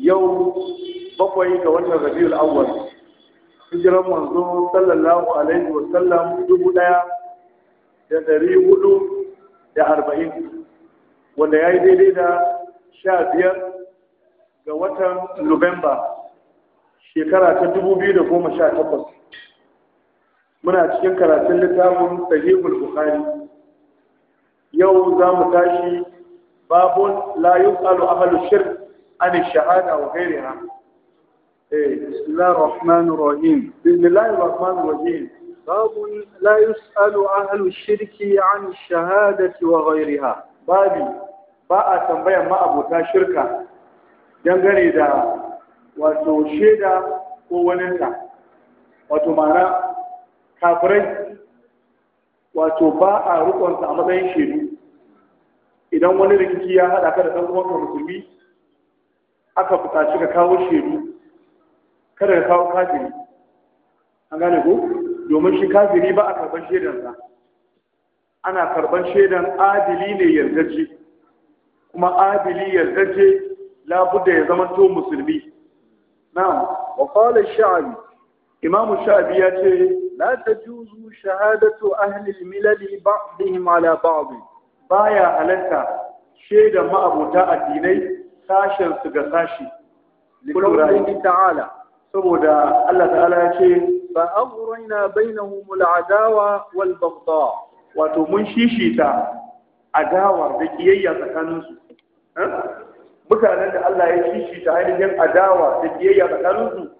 yau bakwai ga watan rabiul awwal hijiran manzo sallallahu alaihi wa sallam dubu daya da dari hudu da arba'in wanda ya yi daidai da sha biyar ga watan nuwamba shekara ta dubu biyu da goma sha takwas muna cikin karatun littafin sahihul bukhari yau za mu tashi babun la yus'alu ahlu shirk عن الشهادة وغيرها بسم الله الرحمن الرحيم بسم الله الرحمن الرحيم باب لا يسأل أهل الشرك عن الشهادة وغيرها بابي باء تنبيا ما أبو تا شركة dangane da wato shaida ko waninta wato mana kafirai wato ba a matsayin shaidu idan wani rikici ya haɗa ka da ɗan uwanka musulmi aka buƙaci ka kawo shedu kada ka kawo kafiri an gane ku? domin shi kafiri ba a karɓar shaidansa ana karɓar shaidan adili ne yardace kuma adili yardace labudda ya zama to musulmi na'am wa qala Shabi. imam Shabi ya ce la tajuzu shahadatu ahli al-milali ba'dihim ala ba'd baya halatta shaidan ma'abuta addinai sashen su ga sashi lillahi ta'ala saboda Allah ta'ala ya ce ba fa aghrayna bainahum al'adawa wal baghdha wato mun shishita adawa da kiyayya tsakaninsu? su eh? mutanen da Allah ya shishita ainihin adawa da kiyayya tsakaninsu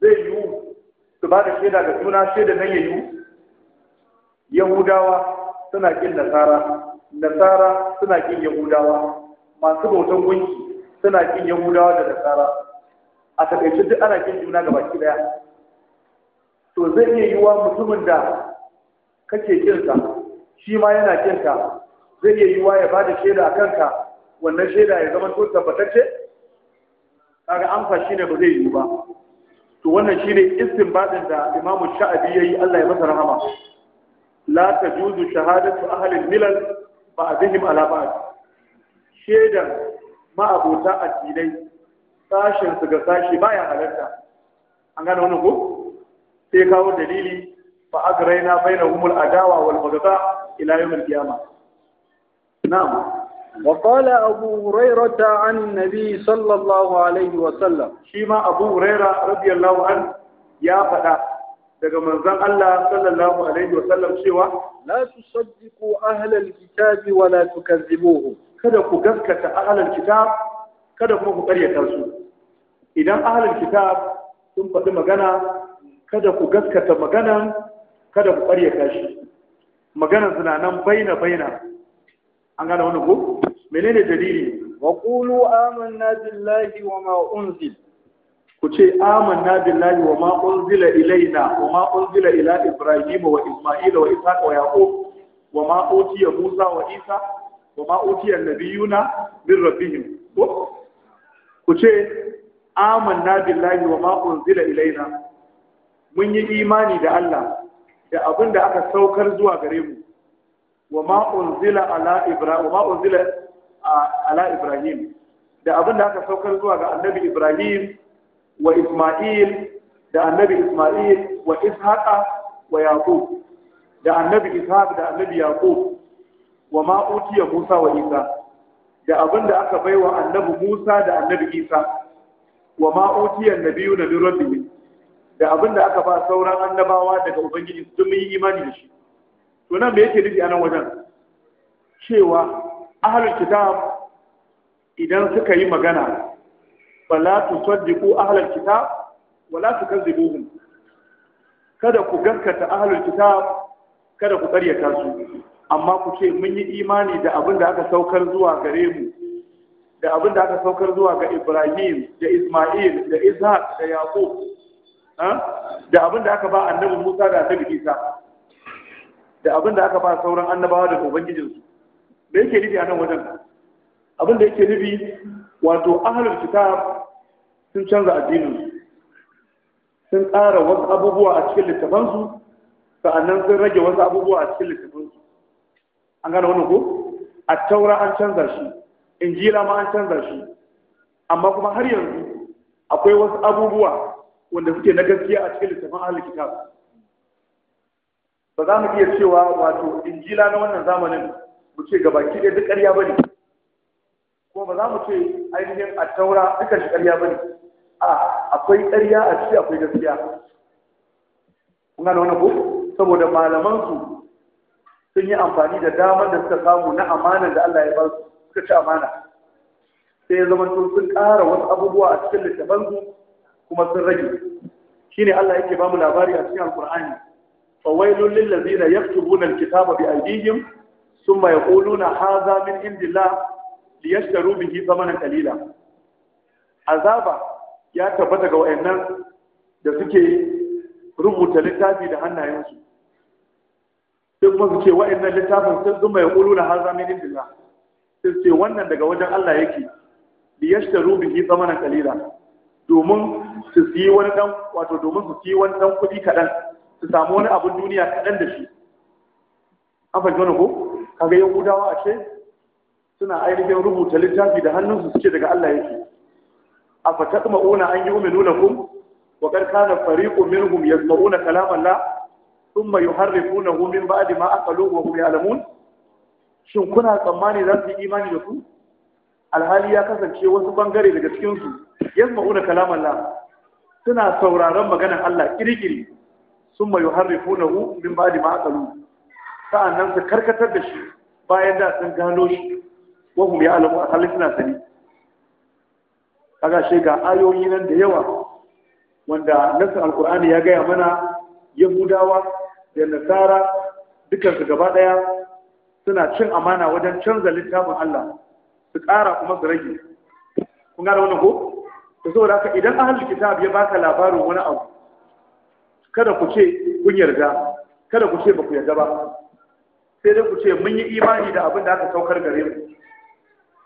zai yi su ba da shaida ga juna shaida nan yayi yahudawa suna kin nasara nasara suna kin yahudawa masu bautan gunki suna kin yahudawa da nasara a takaice duk ana kin juna ga baki daya to zai iya yiwuwa mutumin da kake kinsa shi ma yana kinka zai iya yiwuwa ya ba da shaida a kanka wannan shaida ya zama to tabbatacce kaga amsa ne ba zai yiwu ba to wannan shine istinbadin da imamu sha'abi yayi Allah ya masa rahama la tajuzu shahadatu ahli milal ba'dihim ala ba'd shedan ma'abota addinai sashen su ga sashi baya halarta an gane wannan ko sai kawo dalili fa agraina bainahumul adawa wal baghdha ila yawmil qiyamah na'am وقال أبو هريرة عن النبي صلى الله عليه وسلم شيما أبو هريرة رضي الله an ya فدا daga manzon Allah sallallahu alaihi wa sallam cewa la tusaddiqu ahlal kitabi wa la tukazzibuhum kada ku gaskata ahlul kitab kada kuma ku ƙaryata su idan ahlul kitab sun faɗi magana kada ku gaskata maganan kada ku ƙaryata shi maganan suna nan baina baina an gane wani ko menene dalili wa qulu amanna billahi wa ma unzil ku ce amanna billahi wa ma unzila ilaina wa ma unzila ila ibrahima wa isma'ila wa ishaqa wa yaqub wa ma utiya musa wa isa wa ma utiyar nabiyuna min rabbihim ko ku ce amanna billahi wa ma unzila ilaina mun yi imani da Allah da abin da aka saukar zuwa gare mu wa ma unzila ala ibrahim wa unzila ala ibrahim da abin da aka saukar zuwa ga annabi ibrahim wa isma'il da annabi isma'il wa ishaqa wa yaqub da annabi ishaq da annabi yaqub wa ma utiya Musa wa Isa da abin da aka baiwa annabi Musa da annabi Isa wa ma utiya nabiyyu na min rabbihim da abin da aka ba sauran annabawa daga ubangiji mun yi imani da shi to nan me yake nufi a wajen cewa ahlul kitab idan suka yi magana tu saddiqu ahlul kitab wala tukazzibuhum kada ku gaskata ahlul kitab kada ku karyata su amma ku ce mun yi imani da abin da aka saukar zuwa gare mu da abin da aka saukar zuwa ga Ibrahim da Ismail da Ishaq da Yaqub da abin da aka ba annabi Musa da annabi Isa da abin da aka ba sauran annabawa da su me yake nufi a nan wajen abin da yake nufi wato ahlul kitab sun canza addinin sun ƙara wasu abubuwa a cikin littafansu sa'annan sun rage wasu abubuwa a cikin littafansu an gano wani ko a taura an canza shi injila ma an canza shi amma kuma har yanzu akwai wasu abubuwa wanda suke na gaskiya a cikin littafin ahli kitab ba za mu iya cewa wato injila na wannan zamanin mu ce gaba ki da duk ƙarya bane ko ba za mu ce ainihin a taura dukkan shi ƙarya bane a akwai ƙarya a ciki akwai gaskiya kun gane wani ko saboda malaman su sun yi amfani da damar da suka samu na amanar da Allah ya ba su suka ci amana sai ya zama sun ƙara wasu abubuwa a cikin littafansu kuma sun rage shine Allah yake bamu labari a cikin Alƙur'ani fawailul lil ladina yaktubuna alkitaba bi aydihim thumma yaquluna hadha min indillah liyashtaru bihi thamanan qalila azaba ya tabbata ga wayannan da suke rubuta littafi da hannayensu sai kuma su ce wa'annan littafin sun zuma ya ƙulu na haza min indila sai su ce wannan daga wajen Allah yake li yashtaru bihi zamanan kalila domin su siyi wani dan wato domin su siyi wani dan kuɗi kaɗan su samu wani abun duniya kaɗan da shi an fahimci wani ko kaga yahudawa a ce suna ainihin rubuta littafi da hannunsu su ce daga Allah yake a kuma una an yi umenu lakum wa kar kana fariqu minhum yasma'una kalam Allah thumma yuharrifunahu min ba'di ma aqalu wa hum ya'lamun shin kuna tsammani za su yi imani da ku alhali ya kasance wasu bangare daga cikin su ma'una kalaman la suna sauraron maganar Allah kirkiri thumma yuharrifunahu min ba'di ma aqalu nan su karkatar da shi bayan da sun gano shi wa hum a alhali suna sani kaga ga ayoyi nan da yawa wanda nasar alkur'ani ya gaya mana yahudawa da nasara dukansu gaba ɗaya suna cin amana wajen canza littafin Allah su ƙara kuma su rage kun gane wannan ko to saboda haka idan ahli kitab ya baka labarin wani abu kada ku ce kun yarda kada ku ce ba ku yarda ba sai dai ku ce mun yi imani da abin da aka saukar gare mu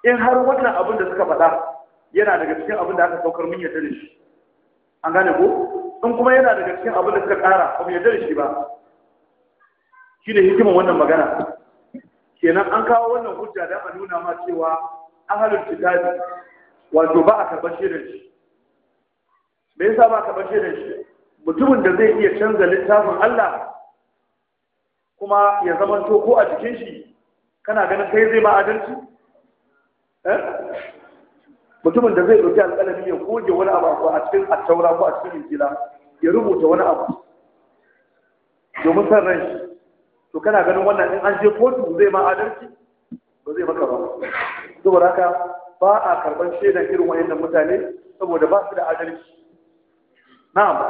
in har wannan abin da suka faɗa yana daga cikin abin da aka saukar mun yarda da shi an gane ko in kuma yana daga cikin abin da suka ƙara ba mu yarda da shi ba shi ne hikimar wannan magana kenan an kawo wannan hujja da a nuna ma cewa ahalul kitabi wato ba a karɓar shirin shi me yasa ba a karɓar shirin shi mutumin da zai iya canza littafin Allah kuma ya zama to ko a jikin shi kana ganin kai zai ba adalci eh? mutumin da zai ɗauki alƙalami ya goge wani abu a cikin attaura ko a cikin injila ya rubuta wani abu domin san ran shi to kana ganin wannan in an je kotu zai ma adalci ba zai maka ba saboda haka ba a karban shaidan irin wayannan mutane saboda ba su da adalci na'am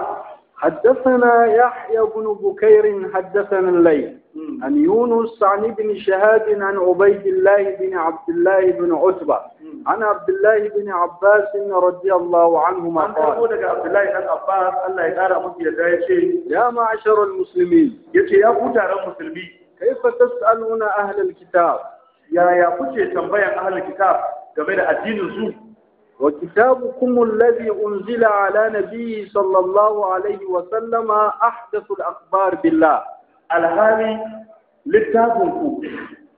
حدثنا يحيى بن بكير حدثنا الليل عن يونس عن ابن شهاب عن عبيد الله بن عبد الله بن عتبة عن عبد الله بن عباس رضي الله عنهما قال عن عبد الله بن عباس الله يقرأ يا معشر المسلمين يتي يا فوتار المسلمين كيف تسألون أهل الكتاب يا يا كوتي تنبيا أهل الكتاب game da addinin su wa kitabukum alladhi unzila ala nabiyyi sallallahu alaihi wa sallama ahdathu al-akhbar billah alhali littafin ku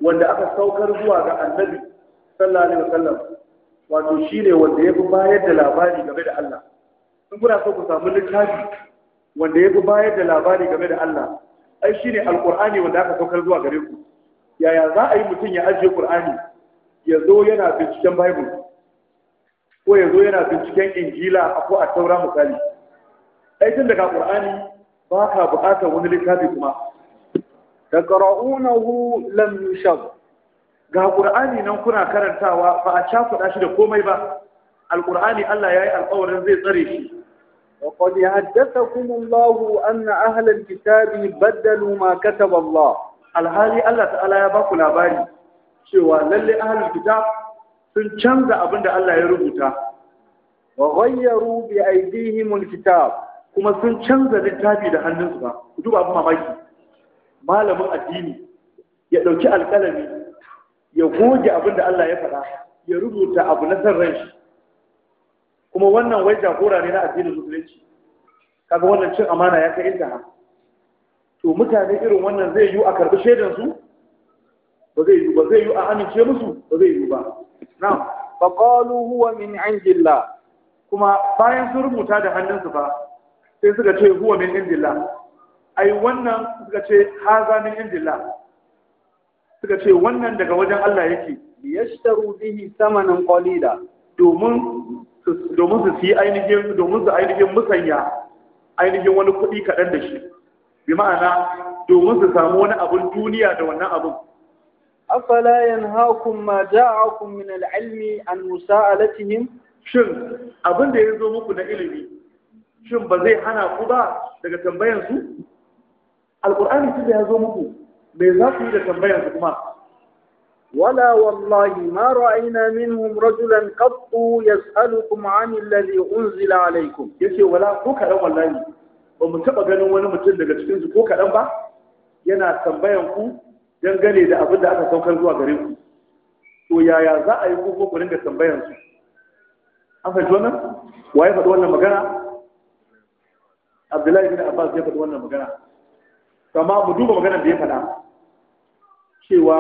wanda aka saukar zuwa ga annabi sallallahu alaihi wasallam wato shine wanda yafi bayar da labari game da Allah in kuna so ku samu littafi wanda yafi bayar da labari game da Allah ai shine alqur'ani wanda aka saukar zuwa gare ku yaya za a yi mutum ya ajiye qur'ani ya zo yana binciken bible ko ya zo yana binciken injila ko a taura misali ai tun daga qur'ani ba ka buƙatar wani littafi kuma taqra'unahu lam yushab ga qur'ani nan kuna karantawa ba a cakuda shi da komai ba alqur'ani Allah yayi alƙawarin zai tsare shi wa qad yahaddathakum Allah an ahlal kitabi badalu ma kataba Allah alhali Allah ta'ala ya baku labari cewa lallai ahalin kitab sun canza abinda Allah ya rubuta wa ghayyaru bi aydihim alkitab kuma sun canza littafi da hannunsu ba ku duba abin mamaki malamin addini ya ɗauki alƙalami ya goge abin da Allah ya faɗa ya rubuta abu na san ranshi kuma wannan wai jagora ne na addinin musulunci kaga wannan cin amana ya kai inda to mutane irin wannan zai yi a karɓi shaidan su ba zai yi ba zai yi a amince musu ba zai yi ba na'am fa qalu huwa min indillah kuma bayan sun rubuta da hannunsu fa sai suka ce huwa min indillah ai wannan suka ce haza min indillah suka ce wannan daga wajen Allah yake yashtaru bihi samanan qalila domin domin su yi ainihin domin su ainihin musanya ainihin wani kuɗi kaɗan da shi bi ma'ana domin su samu wani abun duniya da wannan abun afala yanhaakum ma ja'akum min al-ilmi an musa'alatihim shin abin da ya zo muku na ilimi shin ba zai hana ku ba daga tambayansu alƙur'ani tun da ya zo muku me za ku yi da tambayar su kuma ولا minhum rajulan qattu yas'alukum 'ani alladhi unzila alaykum yace wala ko kadan wallahi, ba mu taba ganin wani mutum daga cikin su ko kadan ba yana tambayan ku dangane da abin da aka saukar zuwa gare ku to yaya za a yi ku ko ku dinga tambayan su an fahimci wannan ya faɗi wannan magana Abdullahi bin Abbas ya faɗi wannan magana kama mu duba maganar da ya faɗa cewa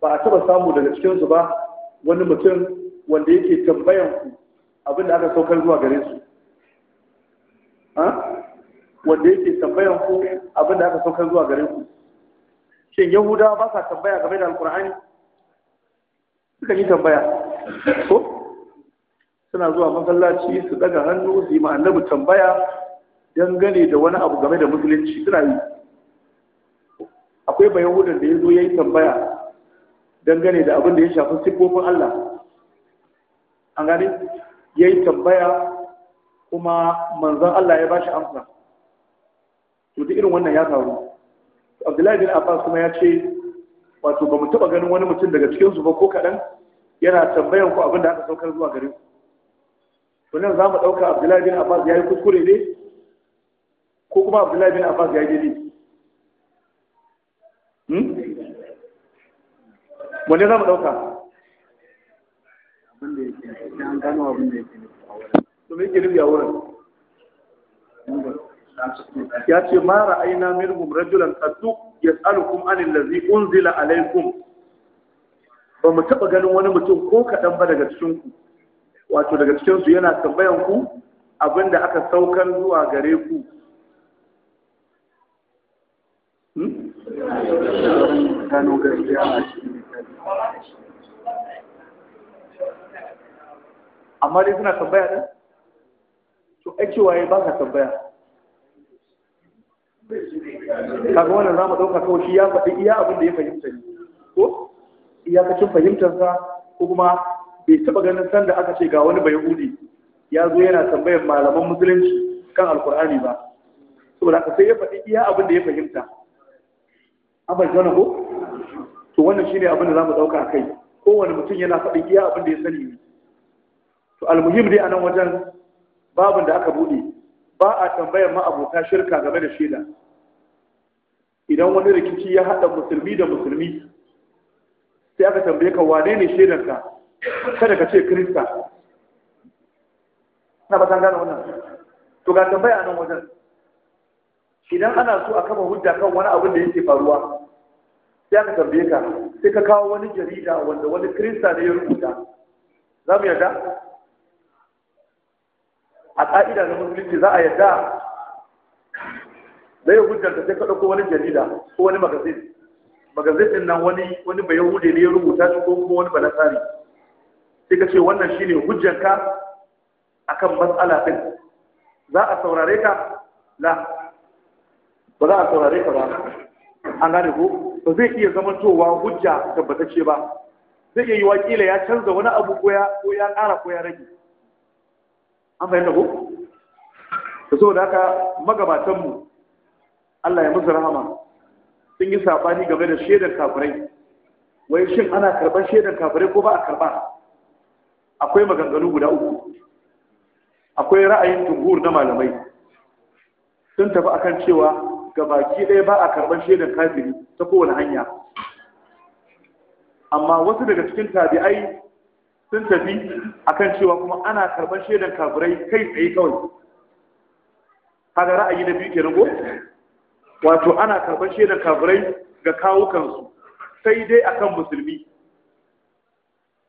ba a taɓa samu daga cikinsu ba wani mutum wanda yake tambayan ku abin da aka saukar zuwa gare su wanda yake tambayan ku abin da aka saukar zuwa gare ku shin yahudawa ba sa tambaya game da alkur'ani suka yi tambaya ko suna zuwa masallaci su daga hannu su yi ma annabi tambaya dangane da wani abu game da musulunci suna yi akwai bayahudan da ya zo ya yi tambaya dangane da abin da ya shafi siffofin Allah an gani ya yi tambaya kuma manzan Allah ya ba shi amsa to duk irin wannan ya faru abdullahi bin abbas kuma ya ce wato ba mu taɓa ganin wani mutum daga cikinsu ba ko kaɗan yana tambayan ku abin da aka saukar zuwa gare ku to nan za mu ɗauka abdullahi bin abbas ya yi kuskure ne ko kuma abdullahi bin abbas ya yi daidai wanda za mu ɗauka to me yake nufi ya ce ma ra'ayna minhum rajulan qaddu yas'alukum unzila alaikum ba mu taɓa ganin wani mutum ko kaɗan ba daga cikinku wato daga cikinsu yana tambayan ku abinda aka saukar zuwa gare ku hmm? amma dai suna tambaya ɗin to ai cewa ya ba ka tambaya kaga wannan za mu ɗauka kawai shi ya faɗi iya abin da ya fahimta ne ko iyakacin fahimtarsa ko kuma bai taɓa ganin sanda aka ce ga wani bai hudi ya zo yana tambayar malaman musulunci kan alkur'ani ba saboda aka sai ya faɗi iya abin da ya fahimta abin fahimta ko to wannan shine abin da zamu dauka kai kowanne mutum yana faɗin iya abin da ya sani to almuhim dai anan wajen babin da aka bude ba a tambayar ma'abota shirka game da shaida idan wani rikici ya haɗa musulmi da musulmi sai aka tambaye ka wane ne shaidanka kada ka ce kirista na ba gane wannan to ga tambaya nan wajen idan ana so a kama hujja kan wani abin da yake faruwa sai aka tambaye ka sai ka kawo wani jarida wanda wani kirista ne ya rubuta za mu yarda a ƙa'ida na musulunci za a yarda da ya hujjar sai ka ɗauko wani jarida ko wani magazin magazin din nan wani wani bai hude ne ya rubuta shi ko kuma wani balasari sai ka ce wannan shine hujjar ka akan matsala din za a saurare ka la ba za a saurare ka ba an gane ko ba zai iya zamantowa hujja tabbatacce ba zai iya yi wakila ya canza wani abu ko ya ƙara ko ya rage an fahimta ko da saboda haka magabatanmu Allah ya musu rahama sun yi sabani game da shaidar kafirai wai shin ana karɓar shaidar kafirai ko ba a karɓa akwai maganganu guda uku akwai ra'ayin jumhur na malamai sun tafi akan cewa gabaki ɗaya ba a karɓar shaidar kafiri ta kowane hanya amma wasu daga cikin tabi'ai sun tafi akan cewa kuma ana karɓar shaidar kafirai kai tsaye kawai kaga ra'ayi na biyu ke ko wato ana karɓar shaidar kafirai ga kawukansu sai dai akan musulmi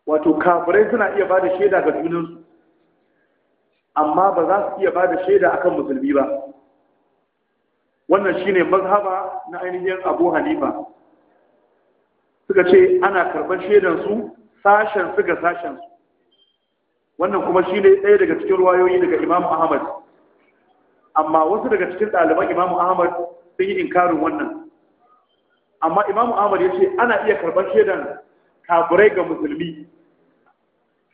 wato kafirai suna iya ba da shaida ga junansu amma ba za su iya ba da shaida akan musulmi ba wannan shine mazhaba na ainihin abu hanifa suka ce ana karban shaidan su sashen su ga sashen su wannan kuma shine ɗaya daga cikin ruwayoyi daga imam ahmad amma wasu daga cikin ɗaliban imam ahmad sun yi inkarin wannan amma imam ahmad ya ce ana iya karɓar shaidan kaburai ga musulmi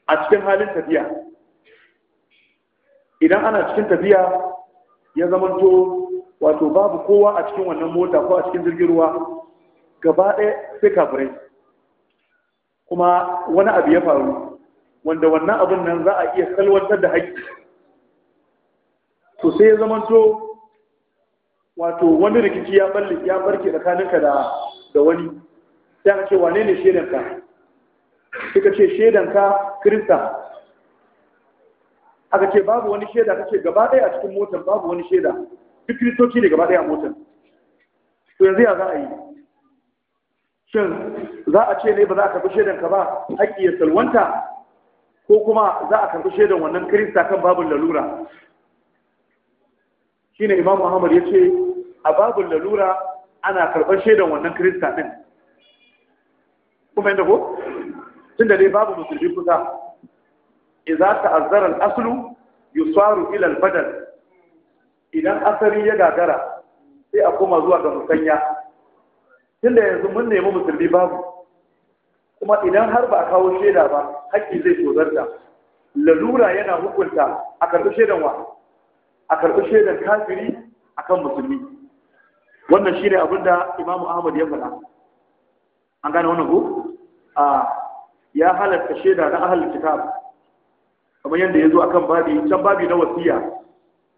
a cikin halin tafiya idan ana cikin tafiya ya zamanto wato babu kowa a cikin wannan mota ko a cikin jirgin ruwa gaba ɗaya sai kafirai kuma wani abu ya faru wanda wannan abin nan za a iya salwantar da haƙƙi to sai ya zamanto wato wani rikici ya balle ya barke tsakaninka da da wani sai aka ce wane ne shedanka suka ce shedanka kirista aka ce babu wani sheda kake gaba ɗaya a cikin motar babu wani sheda duk kiristoci ne gaba ɗaya motar to yanzu ya za a yi shin za a ce ne ba za a karɓi shaidanka ba haƙƙi ya salwanta ko kuma za a karɓi shaidan wannan kirista kan babin lalura ne imam muhammad ya ce a babin lalura ana karɓar shaidan wannan kirista ɗin kuma yadda ko tun da dai babu musulmi kusa idza ta'azzara al-aslu yusaru ila ilal badal idan asali ya gagara sai a koma zuwa ga musanya tunda yanzu mun nemi musulmi babu kuma idan har ba a kawo shaida ba haƙƙi zai tozarta lalura yana hukunta a karɓi shaidan wa a karɓi shaidan kafiri a kan musulmi wannan ne abin da imamu ahmad ya faɗa an gane wannan ko a ya halatta shaida na ahalin kitab kamar yadda ya zo akan babi can babi na wasiya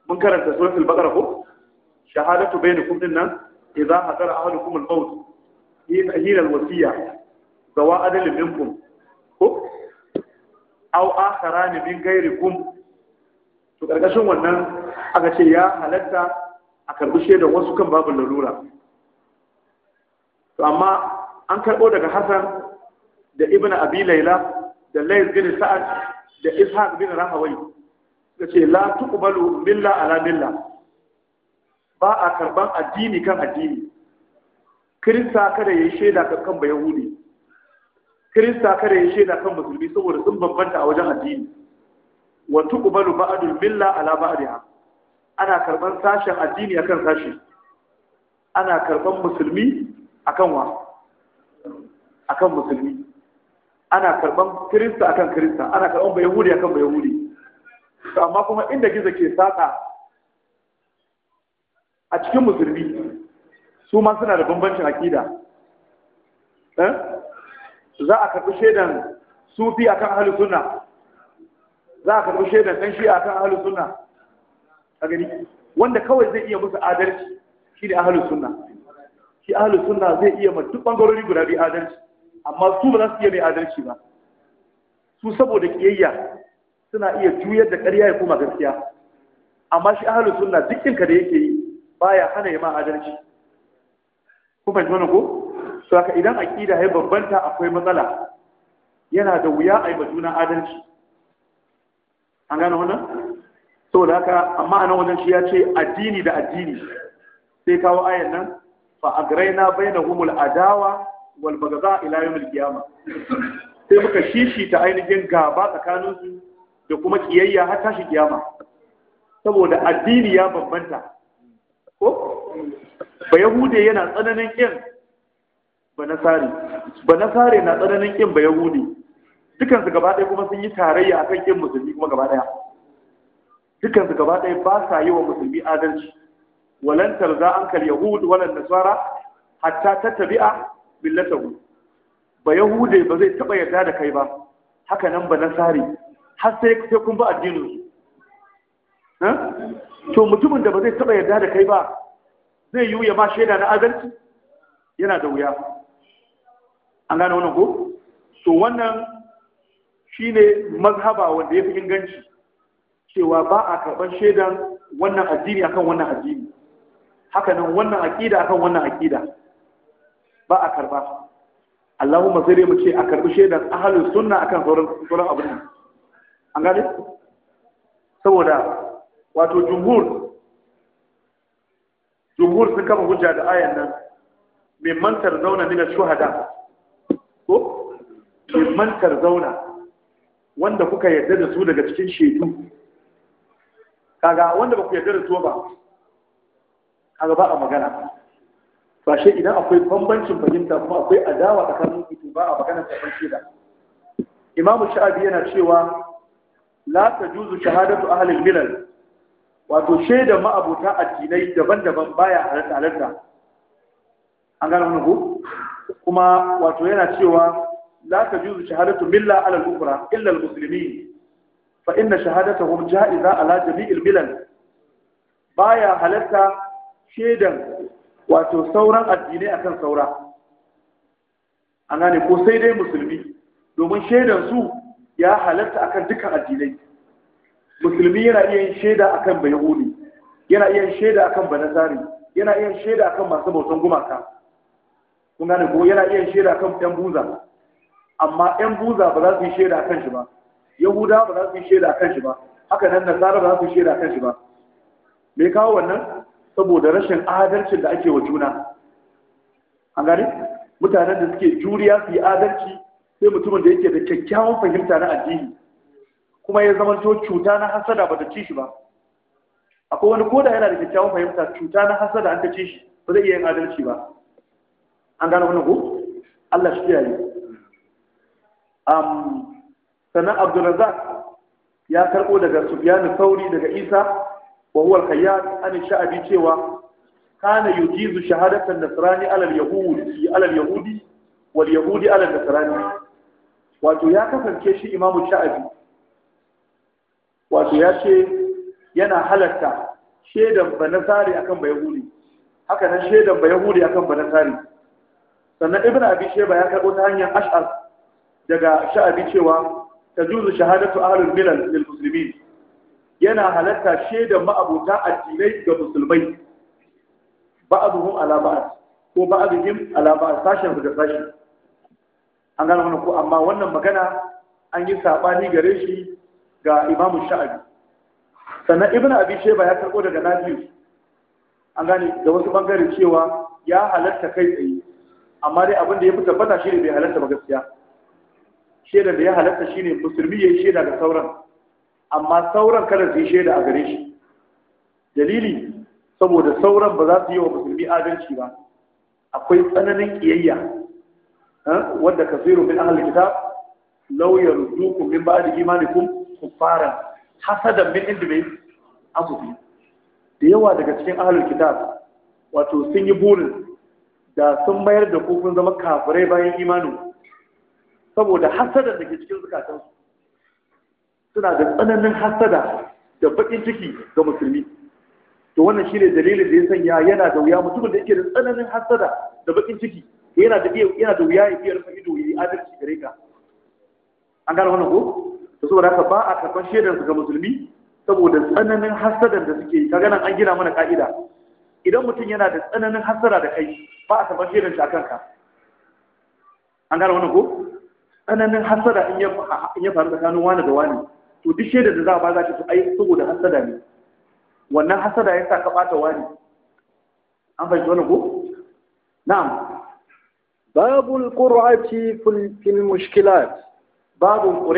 mun karanta suratul baqara ko shahadatu bainakum dinna nan idza hadara ahlukum al-maut hina al-wasiya zawa adalin minkum ko aw akharan min ghairikum to karkashin wannan aka ce ya halatta a karbi shaidar wasu kan babu lalura to amma an karbo daga Hassan da ibnu Abi Layla da Layth bin Sa'ad da Ishaq bin Rahawai ce la tuqbalu billa ala billa ba a karban addini kan addini kirista kada ya yi shaida kan bayahudi yahudi kirista kada ya yi shaida kan musulmi saboda sun bambanta a wajen addini wa tuqbalu ba'du billa ala ba'diha ana karban sashen addini akan sashi ana karban musulmi akan wa akan musulmi ana karban kirista akan kirista ana karban bayahudi akan bayahudi amma kuma inda gizo ke saƙa a cikin musulmi su ma suna da bambancin aƙida eh? za a karɓi shaidan sufi akan ahlus sunna za a karɓi shaidan ɗan shi akan ahlus sunna a gani wanda kawai zai iya musu adalci shi ne ahlus sunna shi ahlus sunna zai iya ma duk bangarori guda biyu adalci amma su ba za su iya mai adalci ba su saboda kiyayya suna iya juyar da ƙarya ya kuma gaskiya amma shi ahlus sunna dukkin ka da yake yi baya hana ya ma adalci ku fahimci wani ko to haka idan aqida ya babbanta akwai matsala yana da wuya a yi ba juna adalci an gane wannan da haka amma nan wajen shi ya ce addini da addini sai kawo ayan nan fa agraina bainahumul adawa wal bagza ila yawmil qiyamah sai muka shishi ta ainihin gaba tsakaninsu da kuma kiyayya har tashi kiyama saboda addini ya bambanta ko ba yahude yana tsananin kin ba nasari. ba nasari na tsananin kin ba yahude dukansu gaba ɗaya kuma sun yi tarayya akan kin musulmi kuma gaba ɗaya dukansu gaba ɗaya ba sa yi wa musulmi adalci walan tarza ankal yahud walan nasara hatta tattabi'a billatahu ba yahude ba zai taba yarda da kai ba haka nan ba nasari har sai sai kun ba addinin su to mutumin da ba zai taba yarda da kai ba zai yi ya ma shaida na azanci yana da wuya an gane wannan ko to wannan shine mazhaba wanda ya fi inganci cewa ba a karɓar shaidan wannan addini akan wannan addini haka nan wannan aƙida akan wannan aƙida ba a karɓa Allahumma sai dai mu ce a karɓi shaidan ahlus sunna akan sauran sauran abin nan an gane saboda wato jumhur jumhur sun kama hujja da ayan nan mai mantar zauna mina shuhada ko mai mantar zauna wanda kuka yarda da su daga cikin shaidu kaga wanda ba ku yarda da su ba kaga ba a magana ba shi idan akwai bambancin fahimta kuma akwai adawa tsakanin su ba a magana ta ban shaida imamu sha'abi yana cewa la juzu shahadatu ahli al-milal wato shaidar ma'abuta addinai daban-daban baya halatta an gane wannan ku kuma wato yana cewa la juzu shahadatu milla ala al illal illa al-muslimin fa inna shahadatahum ja'iza ala jami'il milal baya halatta shaidan wato sauran addinai akan saura an gane ko sai dai musulmi domin shaidan su ya halatta akan dukkan addinai musulmi yana iya yin shaida akan bayahudi yana iya shaida akan banasari yana iya shaida akan masu bautan gumaka kun gane ko yana iya shaida akan yan buza amma yan buza ba za su yi shaida akan shi ba yahuda ba za su yi shaida akan shi ba haka nan nasara ba za su yi shaida akan shi ba me kawo wannan saboda rashin adalcin da ake wa juna an gane mutanen da suke juriya su yi adalci sai mutumin da yake da kyakkyawan fahimta na addini kuma ya zama to cuta na hasada ba ta ci shi ba akwai wani koda yana da kyakkyawan fahimta cuta na hasada an ta ci shi ba zai iya yin adalci ba an gane wannan ko Allah shi yayi am sanan Abdulrazak ya karbo daga Sufyan Sauri daga Isa wa huwa al-Khayyat an sha'abi cewa kana yujizu shahadatan nasrani ala al-yahudi ala yahudi wal yahudi ala nasrani wato ya kasance shi imamu sha'abi wato ya ce yana halatta shaidan banasari akan bayahudi haka nan shaidan bayahudi akan banasari sannan ibn abi sheba ya karɓo ta hanyar ash'ar daga sha'abi cewa ta juzu shahadatu ahlul milal lil muslimin yana halatta shaidan ma'abuta addinai ga musulmai ba'aduhum ala ba'd ko ba'aduhum ala ba'd sashin da sashin an gano wannan ko amma wannan magana an yi saɓani gare shi ga imamu sha'abi sannan ibn abi sheba ya karɓo daga nafi'u an gane da wasu bangare cewa ya halatta kai tsaye amma dai abin da ya fi tabbata shi ne bai halatta ba gaskiya shaidar da ya halatta shi ne musulmi ya yi shaida ga sauran amma sauran kada su yi shaida a gare shi dalili saboda sauran ba za su yi wa musulmi adalci ba akwai tsananin ƙiyayya wadda kasiru min ahli kitab law yarzuqu min ba'di imanikum fara hasadan min inda bai abubi da yawa daga cikin ahli kitab wato sun yi burin da sun mayar da ku kun zama kafirai bayan imanu. saboda hasadan da ke cikin zukatansu suna da tsananin hasada da baƙin ciki ga musulmi to wannan shine dalilin da ya sanya yana da wuya mutumin da yake da tsananin hasada da baƙin ciki yana da yana da wuya ya fiye rufe ido ya yi adalci gare ka an gano wannan ko to saboda haka ba a karɓar shaidan ga musulmi saboda tsananin hasadan da suke yi kaga nan an gina mana ka'ida idan mutum yana da tsananin hasara da kai ba a karɓar shaidan shi a ka. an gano wannan ko tsananin hasada in ya faru tsakanin wani da wani to duk shaidar da za a ba za ta su ai saboda hasada ne wannan hasada ya sa ka bata wani an fahimci wannan ko na'am Babu qur'ati fil babu babul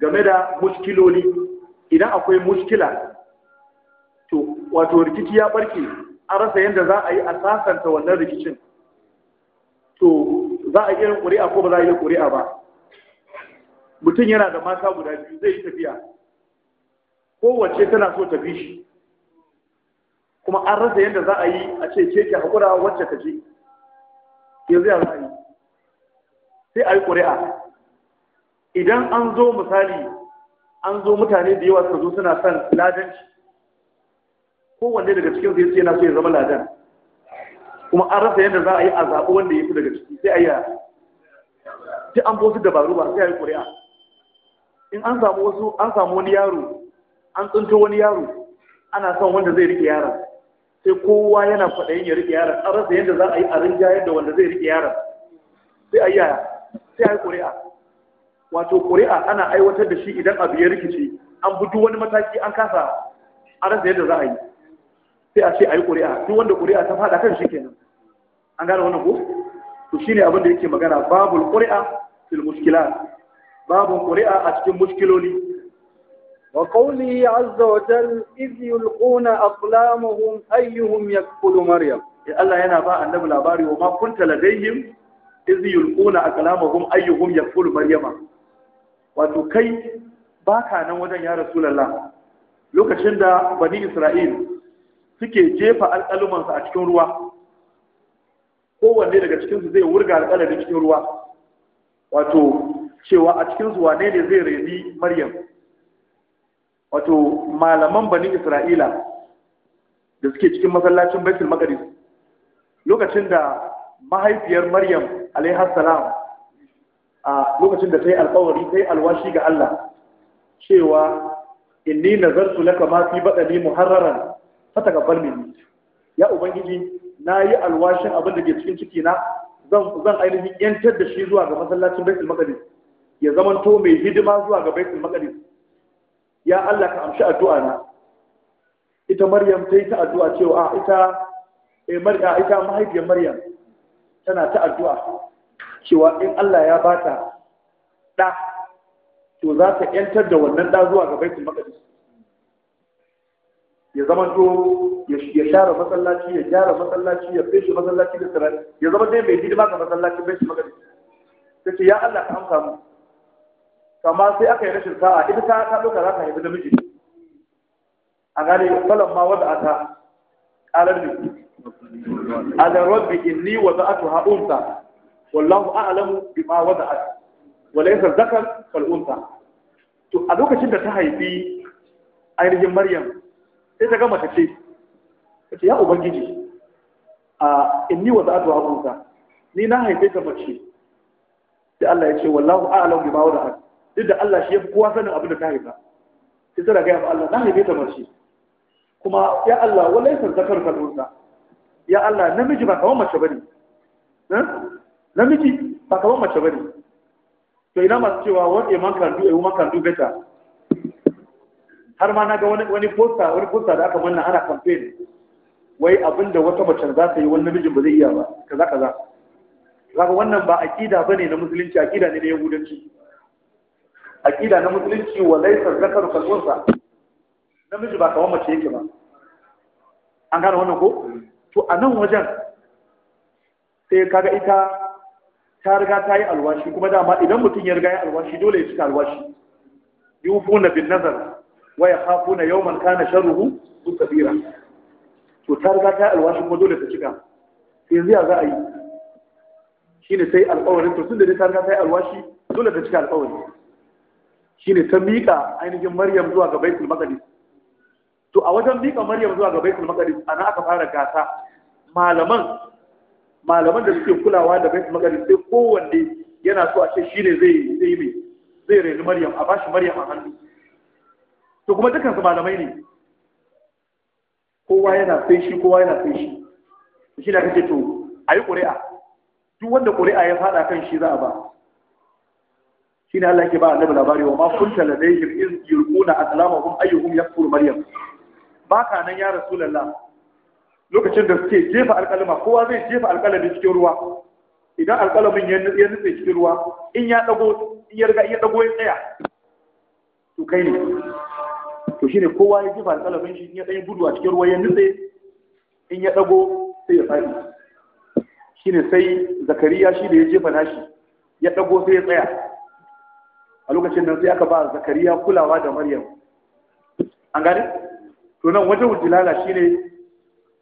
game da mushkiloli idan akwai mushkila to wato rikici ya barke an rasa yadda za a yi a sasanta wannan rikicin to za a irin ƙuri'a ko ba za a yi ƙuri'a ba mutum yana da mata guda biyu zai yi tafiya kowace tana so ta bi shi kuma an rasa yadda za a yi a ce ke ki haƙura wacce ta je yanzu ya zai sai a yi ƙuri'a idan an zo misali an zo mutane da yawa su zo suna son ladanci kowanne daga cikin zai ce yana so ya zama ladan kuma an rasa yadda za a yi a zaɓi wanda ya fi daga ciki sai a yi ta an bosu dabaru ba sai a yi ƙuri'a in an samu wasu an samu wani yaro an tsinto wani yaro ana son wanda zai riƙe yaron sai kowa yana kwaɗayin ya riƙe yaron an rasa yadda za a yi a rinjayar da wanda zai riƙe yaron sai a yi yaya sai a yi ƙuri'a wato ƙuri'a ana aiwatar da shi idan abu ya rikice an bi duk wani mataki an kasa an rasa yadda za a yi sai a ce a yi ƙuri'a duk wanda ƙuri'a ta faɗa kan shi kenan an gane wannan ko to shine abin da yake magana babul ƙuri'a fil mushkilat babun ƙuri'a a cikin mushkiloli wa qawli azza wa jalla iz yulquna aqlamuhum ayyuhum yakfulu maryam ya Allah yana ba annabi labari wa ma kunta ladayhim iz yulquna aqlamuhum ayyuhum yakfulu maryama wato kai baka nan wajen ya rasulullah lokacin da bani isra'il suke jefa alƙalumansu a cikin ruwa kowanne daga cikinsu zai wurga alƙalamin cikin ruwa wato cewa a cikinsu wane ne zai reni maryam wato malaman bani isra'ila da suke cikin masallacin baitul maqdis lokacin da mahaifiyar maryam alaiha salam a lokacin da ta yi alƙawari ta yi alwashi ga Allah cewa inni nazartu laka ma fi badani muharraran fatakabbal minni ya ubangiji nayi alwashin abin da ke cikin ciki na zan zan ainihin yantar da shi zuwa ga masallacin baitul maqdis ya zamanto mai hidima zuwa ga baitul maqdis ya Allah ka amshi addu'a na ita Maryam ta yi ta addu'a cewa ah, ita eh Maryam ah, ita mahaifiyar Maryam tana ta addu'a cewa in Allah ya bata ɗa to za ta yantar da wannan ɗa zuwa ga baitul maqdis ya zama to ya share masallaci ya gyara masallaci ya feshe masallaci da tsirrai ya zama dai mai hidima ga masallaci baitul maqdis sai ya Allah ka amsa mu amma sai aka yi rashin sa'a ita ta ta ɗauka za ta haifi miji. a gani, falon ma wadda aka ƙalar ne ala rabbi inni wa za'atu ha unta wallahu a'lamu bima wada'at wa laysa dhakar fal unta to a lokacin da ta haifi ainihin maryam sai ta gama Ta ce kace ya ubangiji a inni wa za'atu ha unta ni na haife ta mace sai Allah ya ce wallahu a'lamu bima wada'at duk da Allah shi ya fi kowa sanin abin da ta haifa sai tana gaya ma Allah na haife ta mace kuma ya Allah wani laifin zakar ka dunsa ya Allah namiji ba kamar mace bane eh? namiji ba kamar mace bane to ina masu cewa wani iman man can do a woman har ma na ga wani wani wani posta da aka manna ana campaign wai abinda wata mace za ta yi wani namijin ba zai iya ba kaza kaza kaga wannan ba aqida bane na musulunci aqida ne na yahudanci aqida na musulunci wa laysa zakaru kal unsa namiji ba kawai mace yake ba an gane wannan ko to a nan wajen sai kaga ita ta riga ta yi alwashi kuma dama idan mutum ya riga ya alwashi dole ya cika alwashi yufuna bin nazar wa yakhafuna yawman kana sharruhu mutabira to ta riga ta yi alwashi kuma dole ta cika sai yanzu ya za a yi shine sai alƙawarin to tun da ta riga ta yi alwashi dole ta cika alƙawarin. shine ta miƙa ainihin Maryam zuwa ga Baitul Maqdis to a wajen miƙa Maryam zuwa ga Baitul Maqdis ana aka fara gasa malaman malaman da suke kulawa da Baitul Maqdis sai kowanne yana so a ce shine zai zai mai zai reni Maryam a bashi Maryam a hannu to kuma su malamai ne kowa yana sai shi kowa yana sai shi shi da kake to ayi ƙuri'a duk wanda ƙuri'a ya faɗa kan shi za a ba shine Allah yake ba annabi labari wa ma kunta ladayhim iz yulquna aslamahum ayyuhum yakfuru maryam baka nan ya rasulullah lokacin da suke jefa alƙalama kowa zai jefa alƙalami cikin ruwa idan alƙalamin ya nutse cikin ruwa in ya dago in ya riga ya dago ya tsaya to kai ne to shine kowa ya jefa alƙalamin shi in ya dai gudu a cikin ruwa ya nutse in ya dago sai ya tsaya shine sai zakariya shi da ya jefa nashi ya dago sai ya tsaya a lokacin nan sai aka ba zakariya kulawa da maryam an gane to nan wajen jilala shine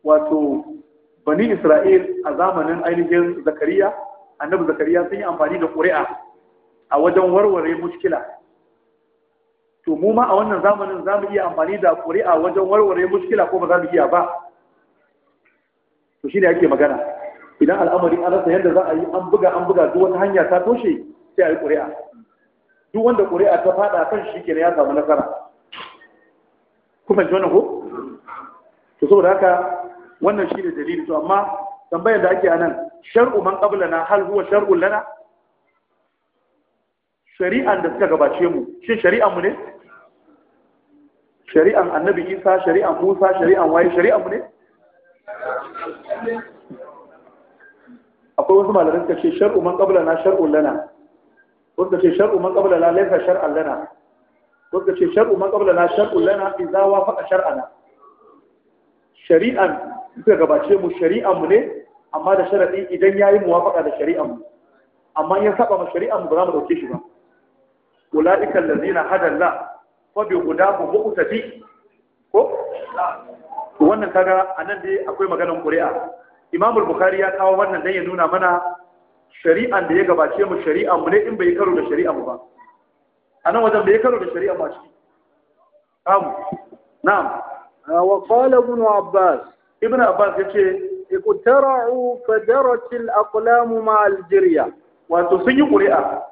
wato bani isra'il a zamanin ainihin zakariya annabi zakariya sun yi amfani da ƙuri'a a wajen warware mushkila to mu ma a wannan zamanin za mu iya amfani da ƙuri'a wajen warware mushkila ko ba za mu iya ba to shine ake magana idan al'amari an rasa yadda za a yi an buga an buga duk wata hanya ta toshe sai a yi ƙuri'a duk wanda ƙuri'a ta faɗa kan shi kenan ya samu nasara kuma ji wani ko to saboda haka wannan shi ne dalili to amma tambayar da ake a nan shar'u man na hal huwa shar'un lana shari'an da suka gabace mu shi shari'an mu ne shari'an annabi Isa shari'an Musa shari'an waye shari'an mu ne akwai wasu malaman suka ce shar'u man qablana shar'un lana wanda ce shar'u man qabla la laysa shar'an lana wanda ce shar'u man qabla la shar'un lana idza wafaqa shar'ana shari'an suka gabace mu shari'an mu ne amma da sharadi idan yayi muwafaqa da shari'an mu amma ya saba ma shari'an mu ba za mu dauke shi ba ulaika allazina hada Allah fa bi hudahu muqtadi ko to wannan kaga anan dai akwai maganar ƙuri'a imamul bukhari ya kawo wannan dan ya nuna mana shari'an da ya gabace mu shari'an mu ne in bai karo da shari'an mu ba a nan wajen bai karo da shari'an mu a ciki amu na'am ah, wa qala ibn abbas ibn abbas yace iqtara'u fadarat al-aqlam ma al-jirya wato sun yi ƙuri'a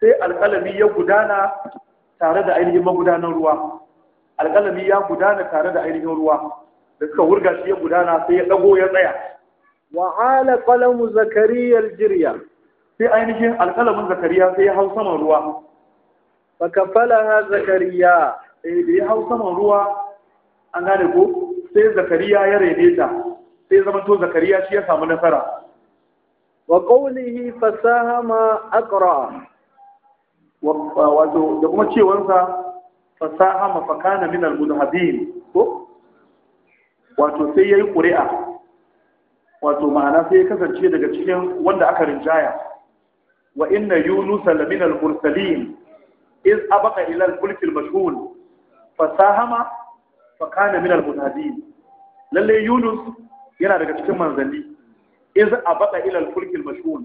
sai alƙalami ya gudana tare da ainihin magudanar ruwa alƙalami ya gudana tare da ainihin ruwa da suka wurga shi ya gudana sai ya dago ya tsaya wa hala qalamu zakariya al-jirya sai ainihin alƙalamin zakariya sai ya hau saman ruwa ha zakariya eh da ya hau saman ruwa an gane ko sai zakariya ya rene ta sai zama to zakariya shi ya samu nasara wa qawlihi fasahama aqra wato da kuma cewansa fasahama fakana min al-mudhabin ko wato sai yayi ƙuri'a wato ma'ana sai ya kasance daga cikin wanda aka rinjaya wa inna yunus lamin al-mursalin iz abaqa ila al-fulk al-mashhun fasahama fa kana min al lalle yunus yana daga cikin manzanni iz abaqa ila al-fulk al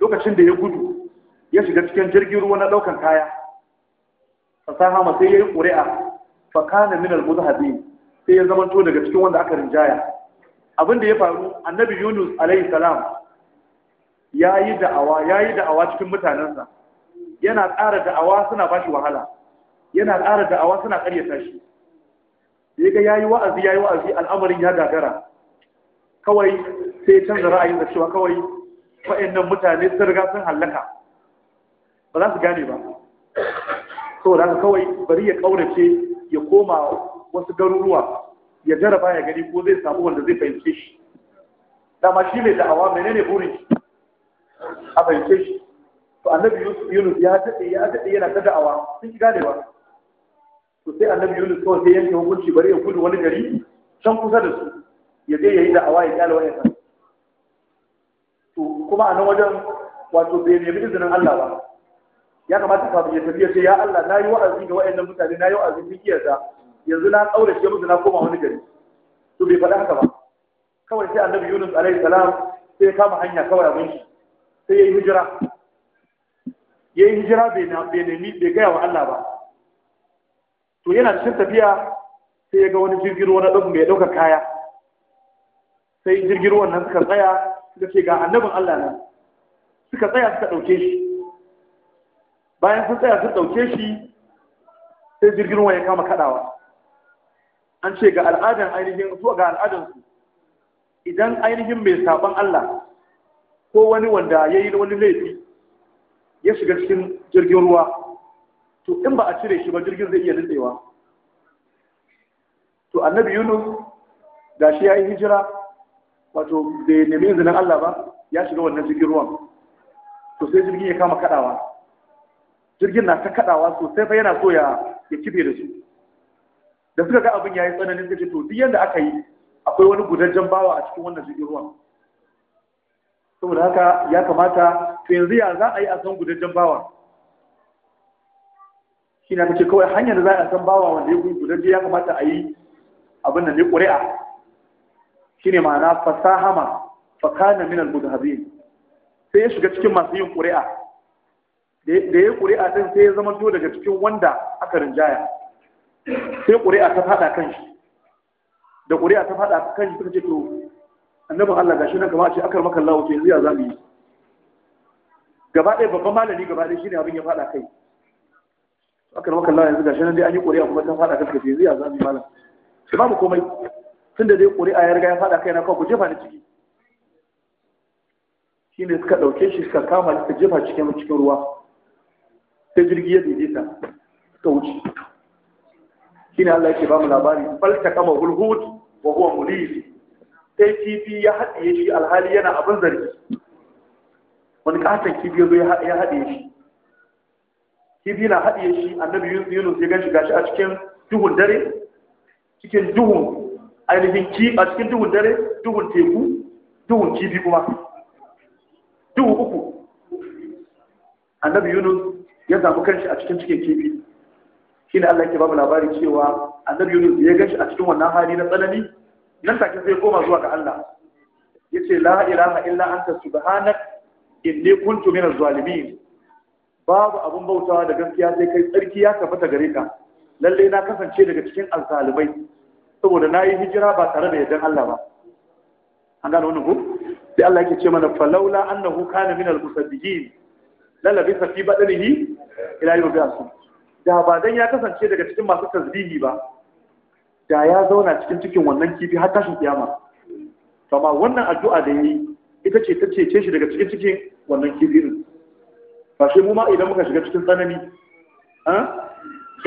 lokacin da ya gudu ya shiga cikin jirgin ruwa na daukan kaya fasahama sai yayi ƙuri'a fa kana min al sai ya zamanto daga cikin wanda aka rinjaya abin da ya faru annabi yunus alayhi salam ya yi da'awa ya yi da'awa cikin mutanensa yana ƙara da'awa suna ba shi wahala yana ƙara da'awa suna ƙaryata shi sai ga ya yi wa'azi ya yi wa'azi al'amarin ya gagara kawai sai canza ra'ayin da cewa kawai nan mutane sun riga sun hallaka ba za su gane ba saboda haka kawai bari ya ƙaurace ya koma wasu garuruwa ya jaraba ya gani ko zai samu wanda zai fahimce shi dama shi mai da'awa menene burin shi a fahimce shi to annabi yunus ya daɗe ya daɗe yana ta da'awa sun ki ganewa to sai annabi yunus kawai sai yanke hukunci bari ya gudu wani gari can kusa da su ya je ya yi da'awa ya kyale wa'yan nan to kuma a nan wajen wato bai nemi izinin Allah ba ya kamata kafin ya tafi ya ce ya Allah na yi wa'azi ga wa'yan mutane na yi wa'azi sun kiyarta yanzu na ƙaurace musu na koma wani gari to bai faɗa haka ba kawai sai annabi yunus alaihi salam sai ya kama hanya kawai abin shi sai ya yi hijira ya yi hijira bai nemi bai gaya wa Allah ba to yana cikin tafiya sai ya ga wani jirgin ruwa na ɗan mai ɗaukar kaya sai jirgin ruwan nan suka tsaya suka ce ga annabin Allah nan suka tsaya suka ɗauke shi bayan sun tsaya sun ɗauke shi sai jirgin ruwa ya kama kaɗawa an ce ga al'adan ainihin su ga su idan ainihin mai sabon Allah ko wani wanda ya yi wani laifi ya shiga cikin jirgin ruwa to in ba a cire shi ba jirgin zai iya nutsewa to annabi yunus da shi ya yi hijira wato da ya nemi yanzu allah ba ya shiga wannan jirgin ruwan to sai jirgin ya kama kadawa jirgin na ta kadawa sosai fa yana so ya ya kife da su da suka ga abin ya yi tsananin sai to duk yadda aka yi akwai wani gudanjen bawa a cikin wannan jirgin ruwan saboda haka ya kamata to yanzu ya za a yi a san gudajen bawa shi na kace kawai hanyar da za a san bawa wanda ya gudu gudajen ya kamata a yi abin da ne ƙuri'a shi ne ma'ana fasahama fakana minal mudhabin sai ya shiga cikin masu yin ƙuri'a da ya ƙuri'a din sai ya zama to daga cikin wanda aka rinjaya sai ƙuri'a ta faɗa kan shi da ƙuri'a ta fada kan shi suka ce to annabin Allah gashi nan kamar a ce akar maka Allah wuce yanzu ya zamu yi gaba ɗaya babban malami gaba ɗaya shine abin ya faɗa kai akar maka Allah yanzu gashi nan dai an yi ƙuri'a kuma ta faɗa kai yanzu ya zamu yi malam babu komai da dai ƙuri'a ya riga ya faɗa kai na kawai ku jefa ni ciki shine suka ɗauke shi suka kama suka jefa cikin cikin ruwa sai jirgi ya daidaita suka wuce shine Allah yake ba mu labari falta kama hulhud wa huwa mulifi sai kifi ya haɗiye shi alhali yana abin zargi wani katon kifi ya zo ya haɗiye shi kifi na haɗiye shi annabi yunus ya ganshi gashi a cikin duhun dare cikin duhun ainihin kifi a cikin duhun dare duhun teku duhun kifi kuma duhun uku annabi yunus ya samu kanshi a cikin cikin kifi Shi ne Allah ke babu labari cewa annabi yunus ya ganshi a cikin wannan hali na tsanani nan take sai koma zuwa ga Allah yace la ilaha illa anta subhanak inni kuntu minaz zalimin babu abun bautawa da gaskiya sai kai tsarki ya tabbata gare ka lalle na kasance daga cikin alzalimai saboda na yi hijira ba tare da yardan Allah ba an gano wannan ku? sai Allah yake ce mana falaula annahu kana minal musaddiqin lalabi sa fi badalihi ila yubasu da ba dan ya kasance daga cikin masu tasbihi ba da ya zauna cikin cikin wannan kifi har tashin kiyama to amma wannan addu'a da yayi ita ce ta cece shi daga cikin cikin wannan kifi din ba shi mu ma idan muka shiga cikin tsanani ha ah,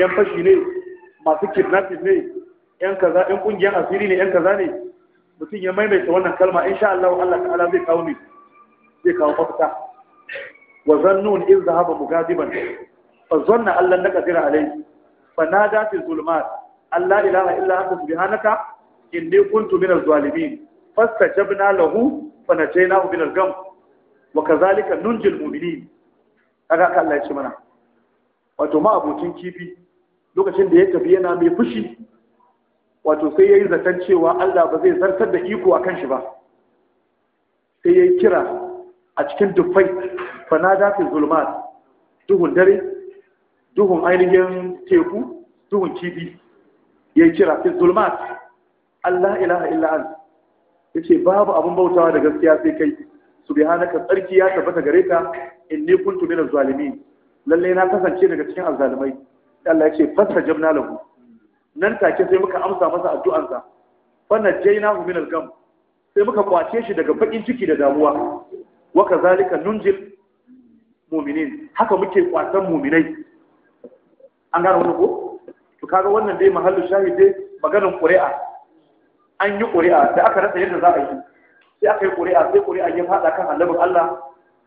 yan fashi ne masu kidnapping ne yan kaza yan kungiyar asiri ne yan kaza ne mutum ya maimaita wannan kalma insha Allah Allah ta'ala zai kawo ni zai kawo mafita wa zannun in zahaba mugadiban fa zanna Allah na tira alai fa nada fi zulumat Allah ilaha illa anta subhanaka inni kuntu minaz zalimin fastajabna lahu fa najaynahu minal gham wa kadhalika nunjil kaga ka Allah ya ce mana wato ma abokin kifi lokacin da ya tafi yana mai fushi wato sai yayi zaton cewa Allah ba zai zartar da iko akan shi ba sai yayi kira a cikin dufai fa nada fi zulmat duhun dare duhun ainihin teku duhun kifi ya yi kira fi zulmat Allah ilaha illa an ya ce babu abin bautawa da gaskiya sai kai subhanaka tsarki ya tabbata gare ka inni kuntu minaz zalimin Lallai na kasance daga cikin azzalimai Allah ya ce fastajabna lahu nan take sai muka amsa masa addu'ansa fa najaynahu minal gam sai muka kwace shi daga bakin ciki da damuwa wa kazalika nunjil mu'minin haka muke kwatan mu'minai an gane wani ko to kaga wannan dai mahallu shahid dai maganar ƙuri'a an yi ƙuri'a da aka rasa yadda za a yi sai aka yi ƙuri'a sai ƙuri'a ya faɗa kan annabin Allah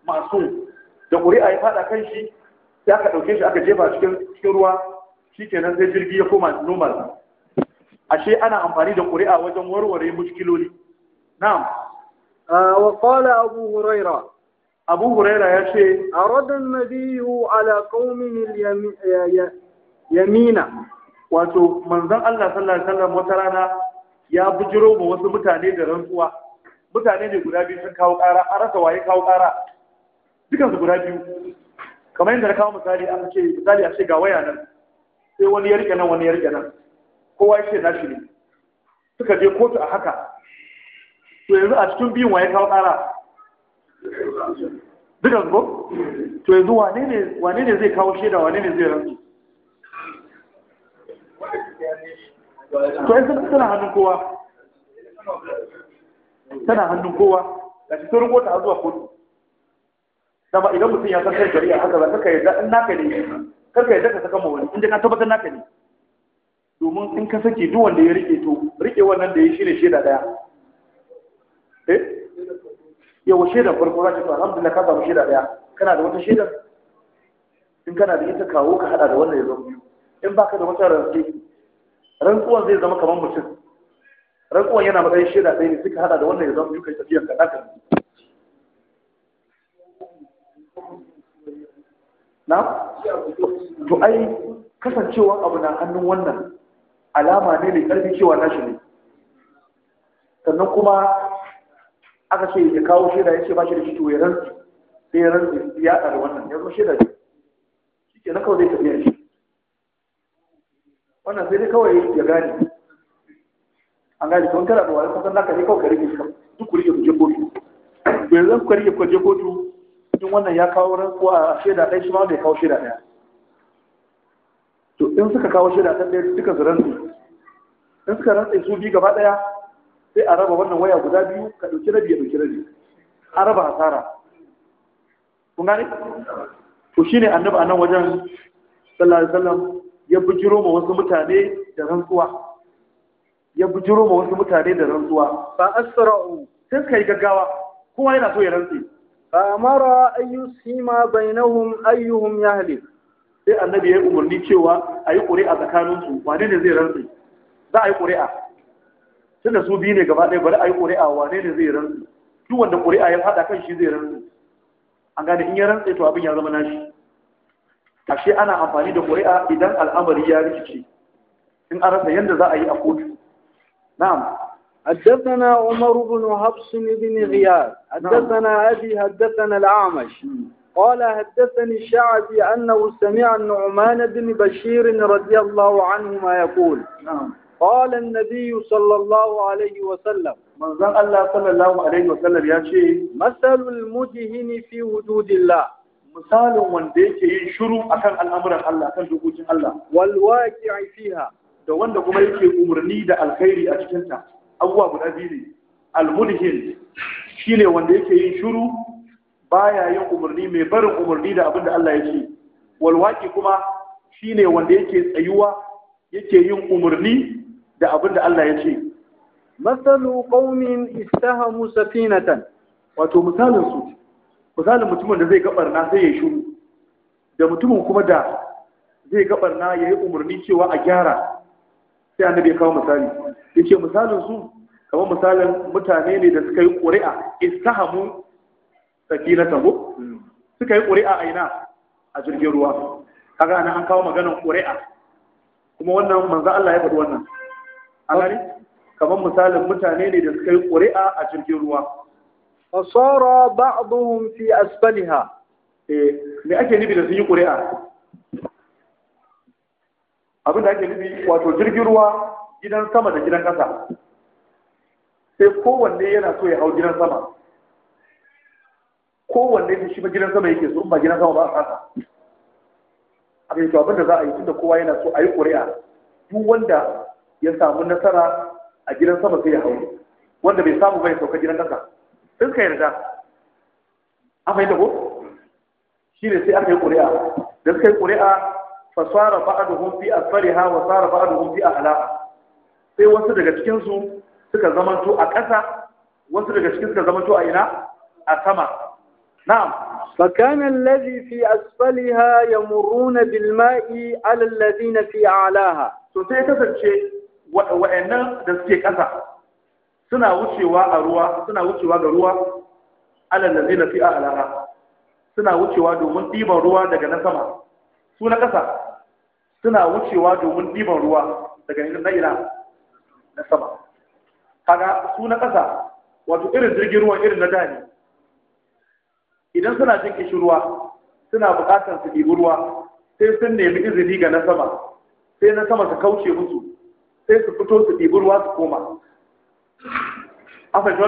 masu da ƙuri'a ya faɗa kan shi sai aka ɗauke shi aka jefa cikin cikin ruwa shikenan sai jirgi ya koma normal ashe ana amfani da ƙuri'a wajen warware mushkiloli na'am wa qala abu huraira abu huraira ya ce aradan nabiyu ala qaumin yamina wato manzon Allah sallallahu alaihi wasallam wata rana ya bujiro ma wasu mutane da rantsuwa mutane ne guda biyu sun kawo ƙara an rasa waye kawo ƙara dukansu guda biyu kamar yadda na kawo misali an ce misali a ce ga waya nan sai wani ya rike nan wani ya rike nan kowa ya ce na shi ne suka je kotu a haka to yanzu a cikin biyun waye kawo ƙara dukansu ko to yanzu wane ne zai kawo shaida wane ne zai rantsu to ai tana hannun kowa tana hannun kowa da shi sun rubuta har zuwa kotu dama idan mutum ya san kai shari'a haka za ka yarda in naka ne kar ka yarda ka saka ma wani inda ka tabbatar naka ne domin in ka saki duk wanda ya rike to rike wannan da ya shi ne shaida daya eh yawa shaidar farko za ki to alhamdulillah ka samu shaida daya kana da wata shaidar in kana da ita kawo ka hada da wannan ya zama biyu in baka da wata rantsi rantsuwan zai zama kamar mutum rantsuwan yana matsayin shaida ɗaya ne suka hada da wannan ya zama yukan tafiyan ka naka na to ai kasancewa abu na hannun wannan alama ne mai ƙarfi cewa nashi ne sannan kuma aka ce ya kawo shaida ya ce ba shi da shi to ya rantsu sai ya rantsu ya haɗa da wannan ya zama shaida ne shi ke na kawai zai tafiya shi wannan sai dai kawai ya gane an gane tun kana da wani kusan naka ne kawai ka shi duk kuri ya ku kotu bai zan ku ya kuje kotu in wannan ya kawo rantsuwa a shaida ɗaya shi ma bai kawo shaida ɗaya to in suka kawo shaida ta ɗaya duka su rantsu in suka rantsu su biyu gaba ɗaya sai a raba wannan waya guda biyu ka ɗauki rabi ya ɗauki rabi a raba hasara kun gane to shine annabi a nan wajen sallallahu alaihi wasallam ya bujiro ma wasu mutane da rantsuwa ya bujiro ma wasu mutane da rantsuwa fa asra'u sai kai gaggawa kowa yana so ya rantsi fa amara an sima bainahum ayyuhum yahlik sai annabi ya umarni cewa ayi qur'a ƙuri'a tsakaninsu wane ne zai rantsi za a yi ƙuri'a tunda su biyu ne gaba ɗaya bari a yi ƙuri'a wane ne zai rantsi duk wanda ƙuri'a ya faɗa kan shi zai rantsi an gane in ya rantsi to abin ya zama nashi ashe ana amfani da ƙuri'a idan al'amari ya rikice in an rasa yadda za a yi a kotu na'am حدثنا عمر بن حفص بن غياث حدثنا أبي حدثنا الأعمش قال حدثني الشعبي أنه سمع النعمان بن بشير رضي الله عنهما يقول نعم. قال النبي صلى الله عليه وسلم من ذا الله صلى الله عليه وسلم يا شيء مثل المدهن في وجود الله misalin wanda yake yin shiru akan al'amuran Allah akan dokokin Allah wal waqi'i fiha da wanda kuma yake umarni da alkhairi a cikin ta abuwa guda biyu ne al mulhin shine wanda yake yin shiru baya yin umarni mai barin umarni da abin da Allah yake wal waqi kuma shine wanda yake tsayuwa yake yin umarni da abin da Allah yake masalu qaumin istahamu safinatan wato misalin su misalin mutumin da zai na sai ya shuru da mutumin kuma da zai na ya yi umarni cewa a gyara sai annabi ya kawo misali ya ce misalin su kamar misalin mutane ne da suka yi ƙuri'a istahamu sakinatahu suka yi ƙuri'a a ina a jirgin ruwa kaga ana an kawo maganar ƙuri'a kuma wannan manzo Allah ya faɗi wannan a kamar misalin mutane ne da suka yi ƙuri'a a jirgin ruwa fasara ba'dhum fi a eh me ake nufi da sun yi ƙuri'a abin da ake nufi wato jirgin ruwa gidan sama da gidan ƙasa sai kowanne yana so ya hau gidan sama kowanne ne shi gidan sama yake so in ba gidan sama ba a ƙasa abin da za a yi tunda kowa yana so a yi ƙuri'a duk wanda ya samu nasara a gidan sama sai ya hau wanda bai samu bai sauka gidan ƙasa sai suka yarda an fahimta ko shi ne sai aka yi ƙuri'a da suka yi ƙuri'a fasara ba'aduhum fi fariha, wa sara ba'aduhum fi ahlaha sai wasu daga cikinsu suka zamanto a ƙasa wasu daga cikinsu suka zamanto a ina a sama na'am فكان الذي في أسفلها يمرون بالماء على الذين في أعلاها. سوتي كسر شيء وأنا دسكي كسر suna wucewa a ruwa suna wucewa ga ruwa alal ladina fi a'laha suna wucewa domin ɗiban ruwa daga na sama su na ƙasa suna wucewa domin ɗiban ruwa daga na ina na sama kaga su na ƙasa wato irin jirgin ruwan irin na da idan suna jin kishi ruwa suna buƙatar su ɗibi ruwa sai sun nemi izini ga na sama sai na sama su kauce musu sai su fito su ɗibi ruwa su koma an fahimci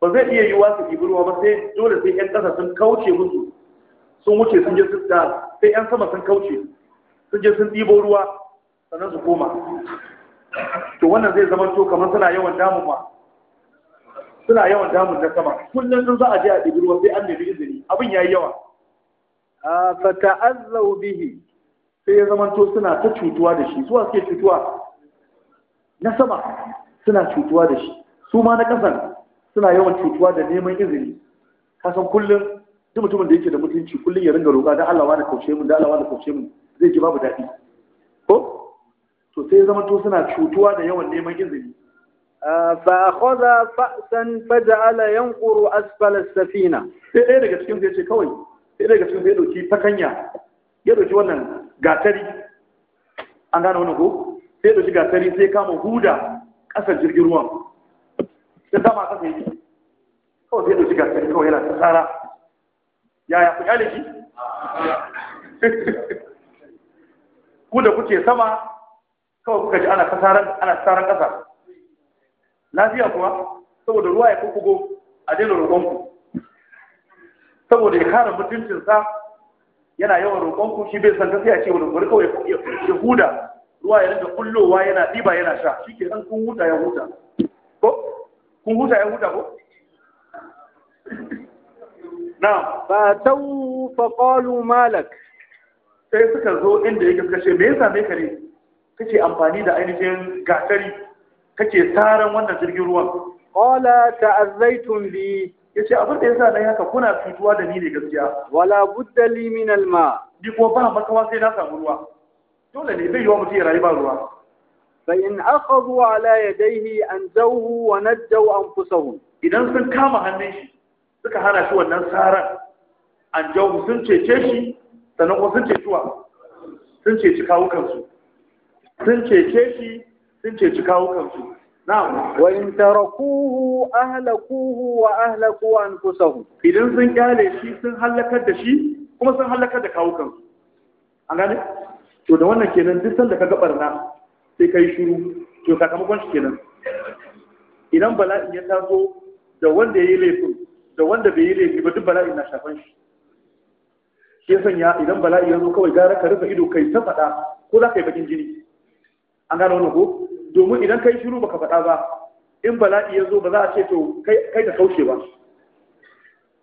ba zai iya yi su ɗibi ba sai dole sai 'yan ƙasa sun kauce musu sun wuce sun je sun sai 'yan sama sun kauce sun je sun ɗibo ruwa sannan su koma to wannan zai zama to kamar suna yawan damun ma suna yawan damun na sama kullum sun za a je a ɗibi ruwa sai an nemi izini abin ya yi yawa fa ta'azzau bihi sai ya zama to suna ta cutuwa da shi suwa suke cutuwa na sama suna cutuwa da shi su ma na ƙasan suna yawan cutuwa da neman izini kasan kullum duk mutumin da yake da mutunci kullum ya ringa roƙa da Allah da kaushe mun da Allah da kaushe mun zai ji babu daɗi ko to sai zama to suna cutuwa da yawan neman izini fa khadha fa'san faj'ala yanquru asfal as-safina sai ɗaya daga cikin zai ce kawai sai daga cikin zai dauki takanya ya dauki wannan gatari an gane wannan ko sai dauki gatari sai kama huda ƙasar jirgin ruwan da dama ƙasa yake kawai zai ɗauki gasar kawai yana ta tsara yaya ku kyale shi ku da kuke sama kawai kuka ji ana tsaran ana tsaran ƙasa lafiya kuwa saboda ruwa ya kukugo a daina roƙonku saboda ya kare mutuncinsa yana yawan roƙonku shi bai san gaskiya ce wani bari kawai ya huda ruwa ya rinka kullowa yana ɗiba yana sha shi ke ɗan kun huta ya huta ko kun huta ya huta ko na ba ta fa qalu malak sai suka zo inda yake suka ce me yasa me kare kake amfani da ainihin gatari kake saran wannan jirgin ruwan ta azaitun bi Ya ce abin da sa dai haka kuna fituwa da ni ne gaskiya wala budda liminal ma ni ko ba makawa sai na samu ruwa dole ne bai yi wa mutum ya rayu ba ruwa an zauhu wa na أنزوه an أنفسهم idan sun kama hannun shi suka hana shi wannan saran an jawo sun cece shi sannan kuma sun ceci wa sun ceci kawukansu sun cece shi sun ceci kawukansu na'am wa in tarakuhu ahlakuhu wa ahlaku anfusahum idan sun kyale shi sun halakar da shi kuma sun halakar da kawukansu an gane to da wannan kenan duk sanda ka ga barna sai kai shiru to sakamakon shi kenan idan bala'in ya taso da wanda ya yi laifin da wanda bai yi laifi ba duk bala'in na shafan shi shi yasan ya idan bala'i ya zo kawai gara ka rufe ido kai ta faɗa ko za ka yi bakin jini an gano wannan ko domin idan kai shiru baka faɗa ba in bala'i ya zo ba za a ce to kai ka kauce ba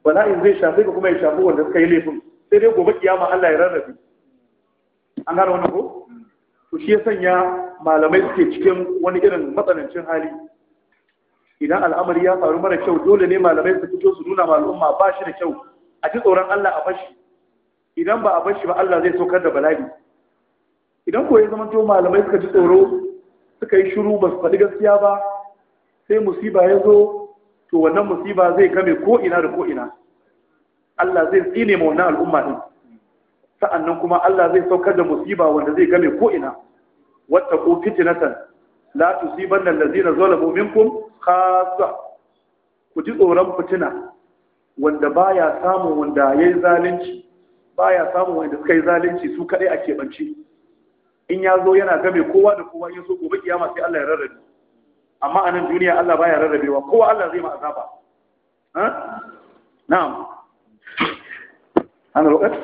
bala'in zai shafe ka kuma ya shafi wanda suka yi laifin sai dai gobe kiyama Allah ya rarrabe an gane wannan ko to shi ya sanya malamai suke cikin wani irin matsanancin hali idan al'amari ya faru mara kyau dole ne malamai su fito su nuna ma al'umma ba shi da kyau a ji tsoron Allah a bashi idan ba a bashi ba Allah zai saukar da bala'i idan ko ya zama to malamai suka ji tsoro suka yi shiru ba su faɗi gaskiya ba sai musiba ya zo to wannan musiba zai kame ko ina da ko ina Allah zai tsine ma wannan al'umma din sa'annan kuma Allah zai saukar da musiba wanda zai game ko ina wattaqu fitnatan la tusibanna allazina zalamu minkum khassa ku ji tsoron fitina wanda baya samun wanda yayi zalunci baya samun wanda suka yi zalunci su kadai ake banci in ya zo yana game kowa da kowa in so gobe kiyama sai Allah ya rarrabe amma a nan duniya Allah baya rarrabewa kowa Allah zai ma azaba ha na'am Ana lokaci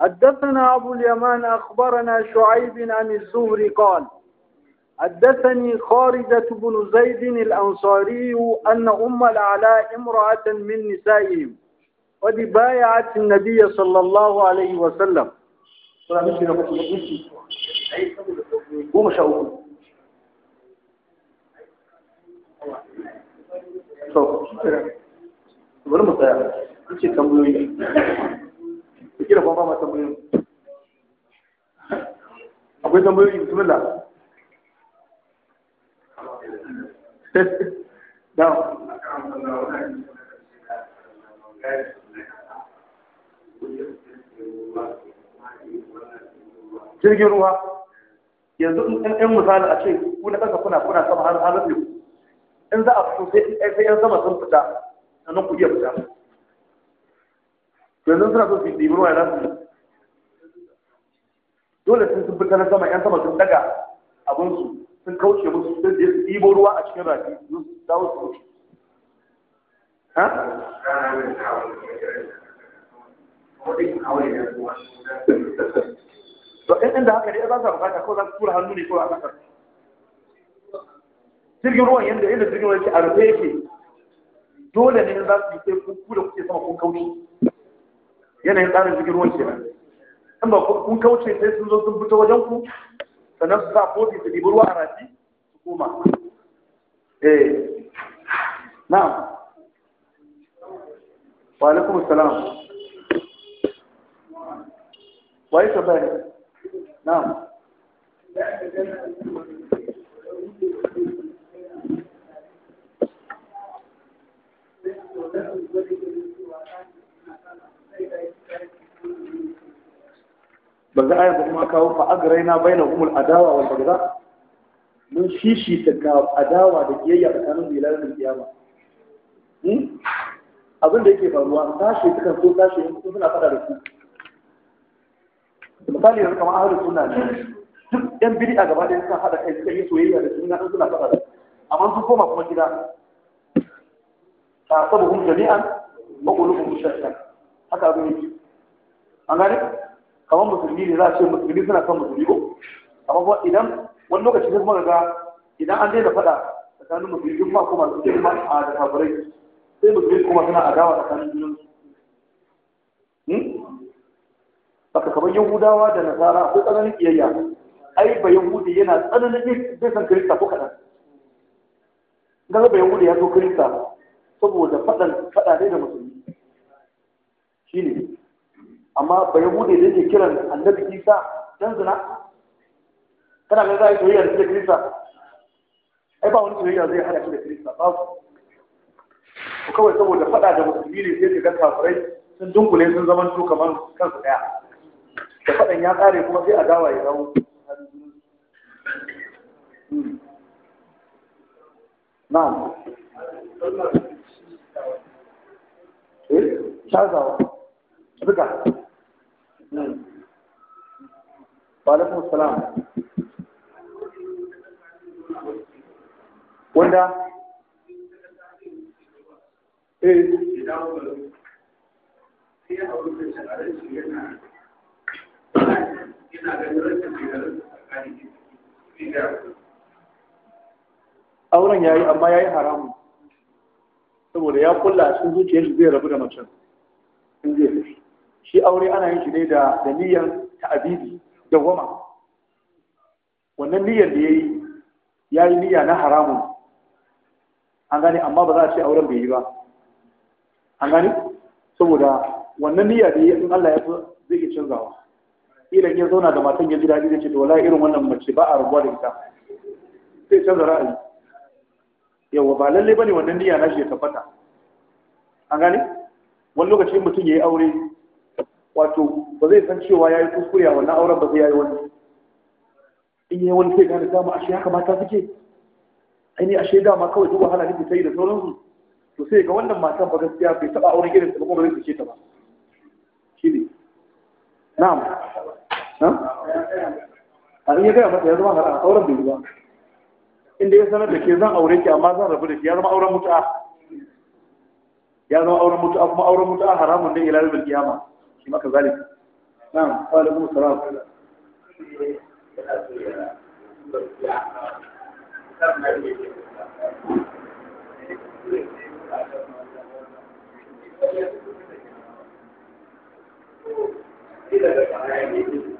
حدثنا أبو اليمان أخبرنا شعيب عن الزهري قال حدثني خارجة بن زيد الأنصاري أن أم الأعلاء امرأة من نسائهم قد بايعت النبي صلى الله عليه وسلم suna miki na kuɗi miki goma sha uku bari mu tsaya ce tambayoyi ku kira kuma ma tambayoyi akwai tambayoyi bismillah da jirgin ruwa yanzu in ɗan misali a ce ku na ƙasa kuna kuna sama har har ku in za a fito sai sai ƴan sama sun fita a nan ku iya fita to yanzu suna so su yi ruwa ya su dole sun sun fita na sama 'yan sama sun daga abinsu sun kauce musu sun je su ɗibo ruwa a cikin rafi su dawo su wuce ha? to in inda haka ne za ta bukata ko za ta tura hannu ne ko a kasar jirgin ruwan yadda yadda jirgin ruwan yake a rufe yake dole ne za su yi sai ku kuda kuke sama kun kauce yanayin tsarin jirgin ruwan ke nan. ba kun kauce sai sun zo sun fito wajen ku sannan su sa kofi su ɗibi ruwa a rafi su koma eh na'am wa alaikum assalam wa yi tambaya na'am ba za a kuma kawo fa'agarai na bai na umar adawa wanda bagza mun shishi ta ga adawa da kiyayya tsakanin bilal da kiyama hmm? abin da yake faruwa ta kan so yin suna fada da su misali yanzu kamar ahlus sunna ne duk yan bid'a gaba ɗaya suka haɗa kai suka yi soyayya da juna ɗan suna faɗa amma sun koma kuma gida ta sabu hum jami'an wa qulubuhum shakka haka abin yake an gane kamar musulmi ne za a ce musulmi suna son musulmi ko amma kuma idan wani lokaci sai kuma ga idan an daina faɗa tsakanin musulmi duk ma kuma su ma a da kafirai sai musulmi kuma suna adawa tsakanin junansu hmm? baka kamar yahudawa da nasara ko tsananin kiyayya ai ba yahudi yana tsananin zai san kirista ko kaɗan gaza ba yahudi ya zo kirista saboda faɗan faɗa ne da musulmi shine amma ba yahudi da yake kiran annabi isa dan zina kana ga zai soyayya da kirista ai ba wani soyayya zai hada da kirista ba su kawai saboda faɗa da musulmi ne sai ka ga kafirai sun dunkule sun zama su kamar kansu ɗaya da faɗin ya ƙare kuma sai a dawa ya dawo na'am eh shazawa duka hmm. wa alaikum salam wanda eh yana ganin yi amma ya tsakanin auren amma haramu saboda ya kulla a cikin zuciyar shi zai rabu da macen in zai tafi shi aure ana yin shi ne da da niyyar ta'abidi da goma wannan niyyar da ya yi ya yi niyya na haramun an gani amma ba za a ce auren bai yi ba an gani? saboda wannan niyya da yi in Allah ya fi zai iya canzawa ilan ya zauna da matan ya ji daɗi da ce to wallahi irin wannan mace ba a rabuwa da ita sai canza ra'ayi yawa ba lalle bane wannan niyya na shi ya tabbata an gane wani lokaci mutum ya yi aure wato ba zai san cewa ya yi kuskure a wannan auren ba zai yi wani in yi wani sai gane dama ashe haka mata suke aini ashe dama kawai duk wahala nake ta yi da sauransu to sai ga wannan matan ba gaskiya bai taɓa auren irin ta ba kuma ba zai fice ta ba shi ne na'am a in ya gaya mata ya zama haram auren bai ba inda ya sanar da ke zan aure ki amma zan rabu da ki ya zama auren mutu'a ya zama auren mutu'a kuma auren mutu'a haramun ne ila yawmil kiyama, shi maka zalimi na'am wa alaikum salam Thank you.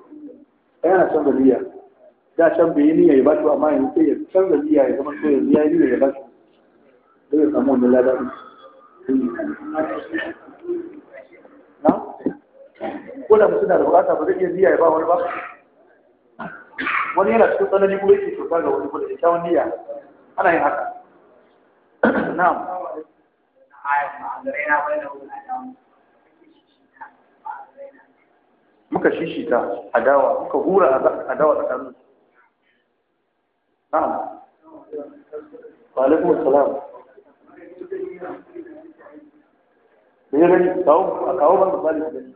yana canza niyya da can bai yi niyya ya bashi amma yanzu sai ya canza niyya ya zama so ya yi niyya ya bashi sai ya samu wannan labarin na ko da mutum na da bukata ba zai iya niyya ya ba wani ba wani yana cikin tsanani kuma yake cuta ga wani kuma da kyakkyawan niyya ana yin haka na'am muka shishita adawa muka hura adawa tsakanin na'am wa alaikum assalam ne ne kawo a kawo ban da ne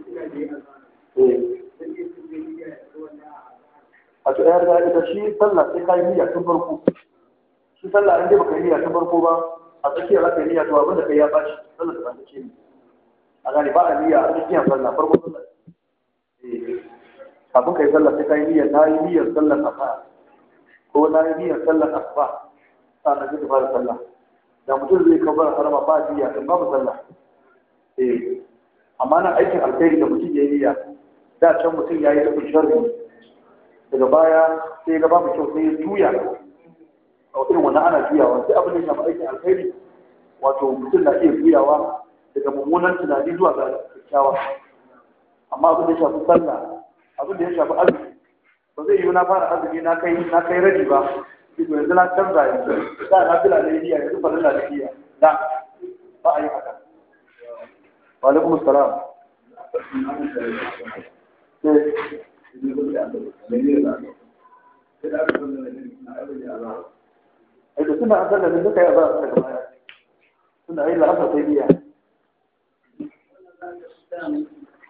Thank you. a to ɗaya da ita shi sallah sai ka yi niyya tun farko shi sallah an dai baka yi niyya tun farko ba a tsakiyar aka yi niyya to abin da kai ya bashi sallah da ta ce ne a gani ba a niyya a tsakiyar sallah farko sallah eh, kafin ka yi sallah sai ka yi na yi niyyar a asuba ko na yi niyyar a asuba sannan sai ka fara sallah da mutum zai kabar harama ba niyya in babu sallah eh amma nan aikin alkhairi da mutum ya yi niyya da can mutum ya yi rufin sharri daga baya sai gaba mu kyau sai ya juya a irin wani ana juyawa sai abin da shafi aikin alkhairi wato mutum na iya juyawa daga mummunan tunani zuwa ga kyakkyawa amma abin da ya shafi sallah abin da ya shafi azumi ba zai yiwu na fara azumi na kai na kai rabi ba to yanzu na canza yanzu da na bila da niyya yanzu fa na da niyya da ba a yi haka wa alaikum assalam da suna an sallame suka yi a ba su suna yi la'asar sai biya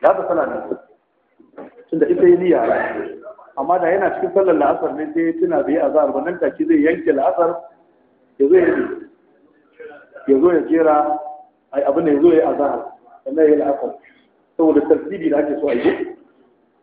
ta sana ne tunda ita yi niyya amma da yana cikin sallar la'asar ne sai tuna a za'ar ba nan take zai yanke la'asar ya zo ya zo ya jera ai abin da ya zo ya azhar sannan ya yi la'asar saboda tartibi da ake so a yi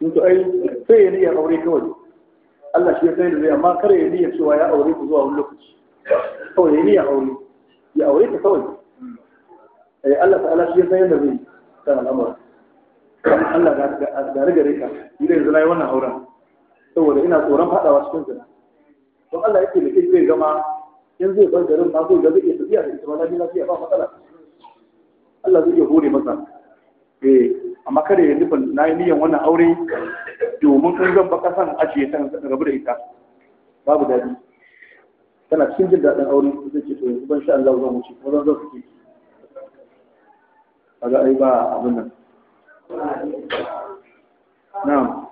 to ai sai ya niyyar aure kawai Allah shi ya sai da zai amma kare ya niyyar cewa ya aure ku zuwa wani lokaci to ya niyya aure ya aure ta kawai eh Allah ta'ala shi ya sai da zai ta al'amura Allah ga gare ka idan yanzu nayi wannan auren saboda ina tsoron fadawa cikin zina to Allah yake da kai zai gama in zai bar garin ba zai ga zai iya tafiya da ita ba lafiya ba matsala Allah zai iya hore masa Eh, amma kada ya nufin na yi niyan wannan aure domin in zan baka san ajiye ta rabu da ita babu daɗi tana cikin jin daɗin aure zai ce to yanzu ban sha Allah zan wuce kuma zan zo ki kaga ai ba abin nan na'am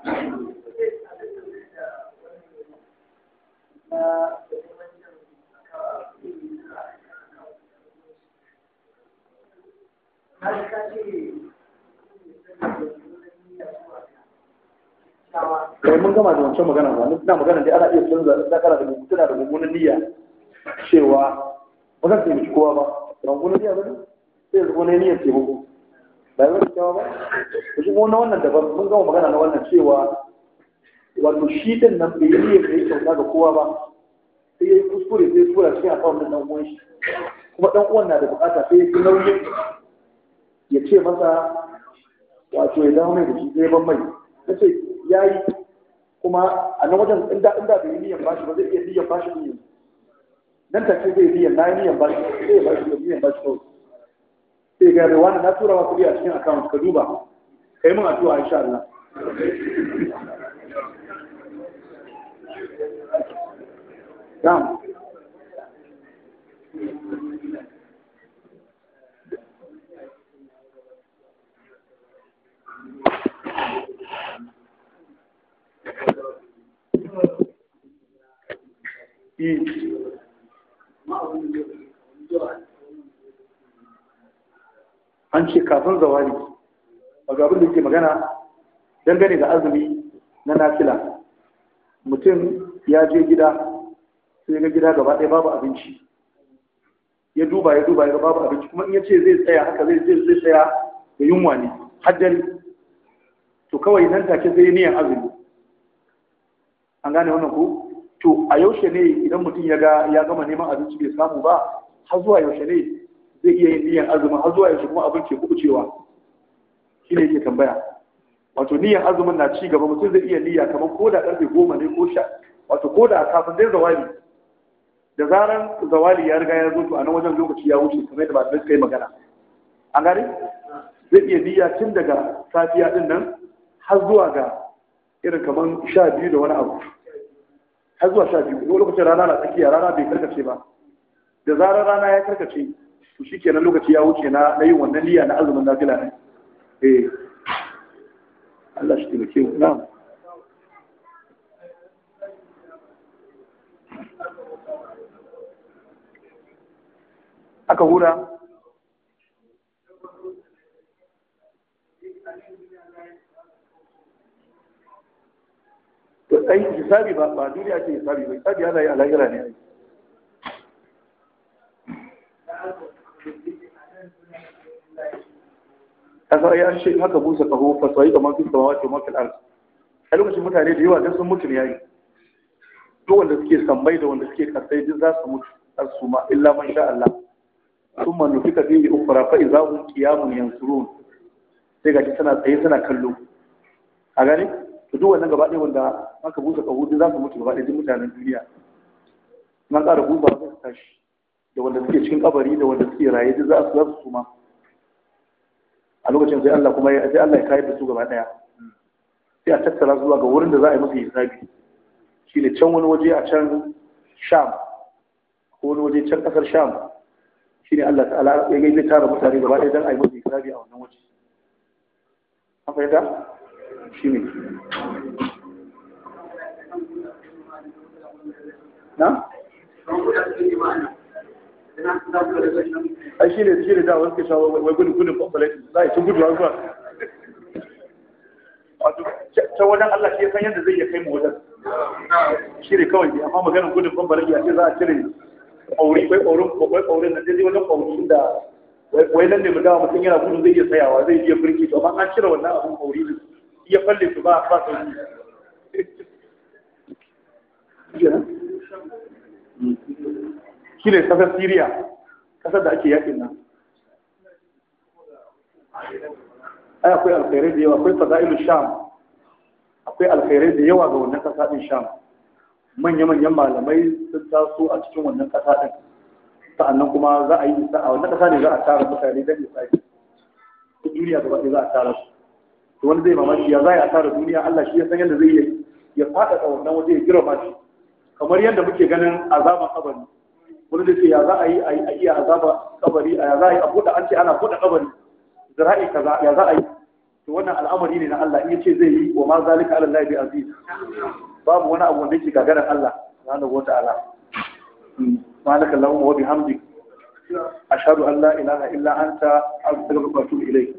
Thank you. kai mun gama da wancan magana ba na magana dai ana iya canza da kara da mutuna da mummunan niyya cewa ba zan taimaki kowa ba ba mummunan niyya ba ne sai yanzu wani niyyar taimako ba yi wani kyawa ba da shi na wannan daban mun gama magana na wannan cewa wato shi din nan bai yi niyyar da ya kyauta ga kowa ba sai ya yi kuskure sai ya tura cikin akawun din dan uwan shi kuma dan uwan na da bukata sai ya fi nauyin ya ce masa wato ya dawo mai da shi zai ban mai ta ce ya yi kuma a nan wajen inda inda bai yi niyan bashi ba zai iya niyan bashi ne nan ta ce zai niyan na yi niyan bashi zai bashi da niyan bashi kawai sai ga da wani na tura maka kuɗi a cikin account ka duba kai mun addu'a insha Allah Na'am. an ce kafin zawali daga abin da ke magana dangane da azumi na nafila mutum ya je gida sai ga gida gaba ɗaya babu abinci ya duba ya duba ya babu abinci kuma in ya ce zai tsaya haka zai zai tsaya da yunwa ne haddari to kawai nan take zai niyan azumi an gane wannan ku to a yaushe ne idan mutum ya ga ya gama neman abinci bai samu ba har zuwa yaushe ne zai iya yin niyyar azumin har zuwa yaushe kuma abin ke kubucewa shi ne yake tambaya wato niyyar azumin na ci gaba mutum zai iya niyya kamar ko da karfe goma ne ko sha wato ko da kafin dai zawali da zaran zawali ya riga ya zo to a nan wajen lokaci ya wuce kamar yadda ba da suka yi magana an gane zai iya niyya tun daga safiya din nan har zuwa ga irin kamar sha biyu da wani abu har zuwa sha biyu wani lokacin rana na tsakiya rana bai karkace ba da zarar rana ya karkace to shi kenan lokaci ya wuce na yin wannan liya na azumin na fila ne eh Allah shi ke muke na aka hura ai hisabi ba ba duniya ake hisabi ba hisabi ana yi a lahira ne kasa ai an ce haka busa kaho fa sai da mafi samawa ce mafi al'ar a lokacin mutane da yawa don sun mutu ne yayi duk wanda suke sambai da wanda suke kasai duk za su mutu za su ma illa man sha Allah sun manufi ka fiye ukura fa iza hun kiyamun ruwan. sai ga tana tsaye tana kallo a gani to duk wannan gaba ɗaya wanda aka busa ƙaho duk za su mutu gaba ɗaya duk mutanen duniya na ƙara guba za su tashi da wanda suke cikin kabari da wanda suke raye duk za su za su suma a lokacin sai Allah kuma sai Allah ya kayar da su gaba ɗaya sai a tattara zuwa ga wurin da za a yi musu hisabi shine can wani waje a can Sham ko wani waje can ƙasar Sham shine Allah ta'ala ya gaida tara mutane gaba ɗaya don a yi musu hisabi a wannan waje an fahimta shine na ai shi ne shi ne da wasu ke shawo wai gudun gudun population za a ci gudu a zuwa wato ta wajen Allah shi san yadda zai iya kai mu wajen shi ne kawai ne amma maganin gudun population ya ce za a cire ƙauri kai ƙaurin kai ƙaurin nan zai wajen ƙauri da wai nan ne mu dawa mutum yana gudun zai iya tsayawa zai iya birki to amma an cire wannan abin ƙauri ne ya falle su ba ba sauki shi ne kasar siriya kasar da ake yakin nan ai akwai alkhairai da yawa akwai fada'ilu sham akwai alkhairai da yawa ga wannan kasa din sham manya-manyan malamai sun taso a cikin wannan kasa din sa'annan kuma za a yi a wannan kasa ne za a tara mutane don misali duniya gaba ɗaya za a tara su to wani zai mamaki ya za a tara duniya Allah shi ya san yadda zai yi ya faɗaɗa wannan waje ya jira shi kamar yadda muke ganin azaban kabari wani zai ce ya za a yi a iya azaba kabari ya za a yi a buɗe an ce ana buɗe kabari zira'i kaza ya za a yi to wannan al'amari ne na Allah in ce zai yi wa ma zalika ala Allah bi aziz babu wani abu wanda yake gagarar Allah subhanahu wa ta'ala malaka lahum wa bihamdik ashhadu an la ilaha illa anta astaghfiruka wa atubu ilayk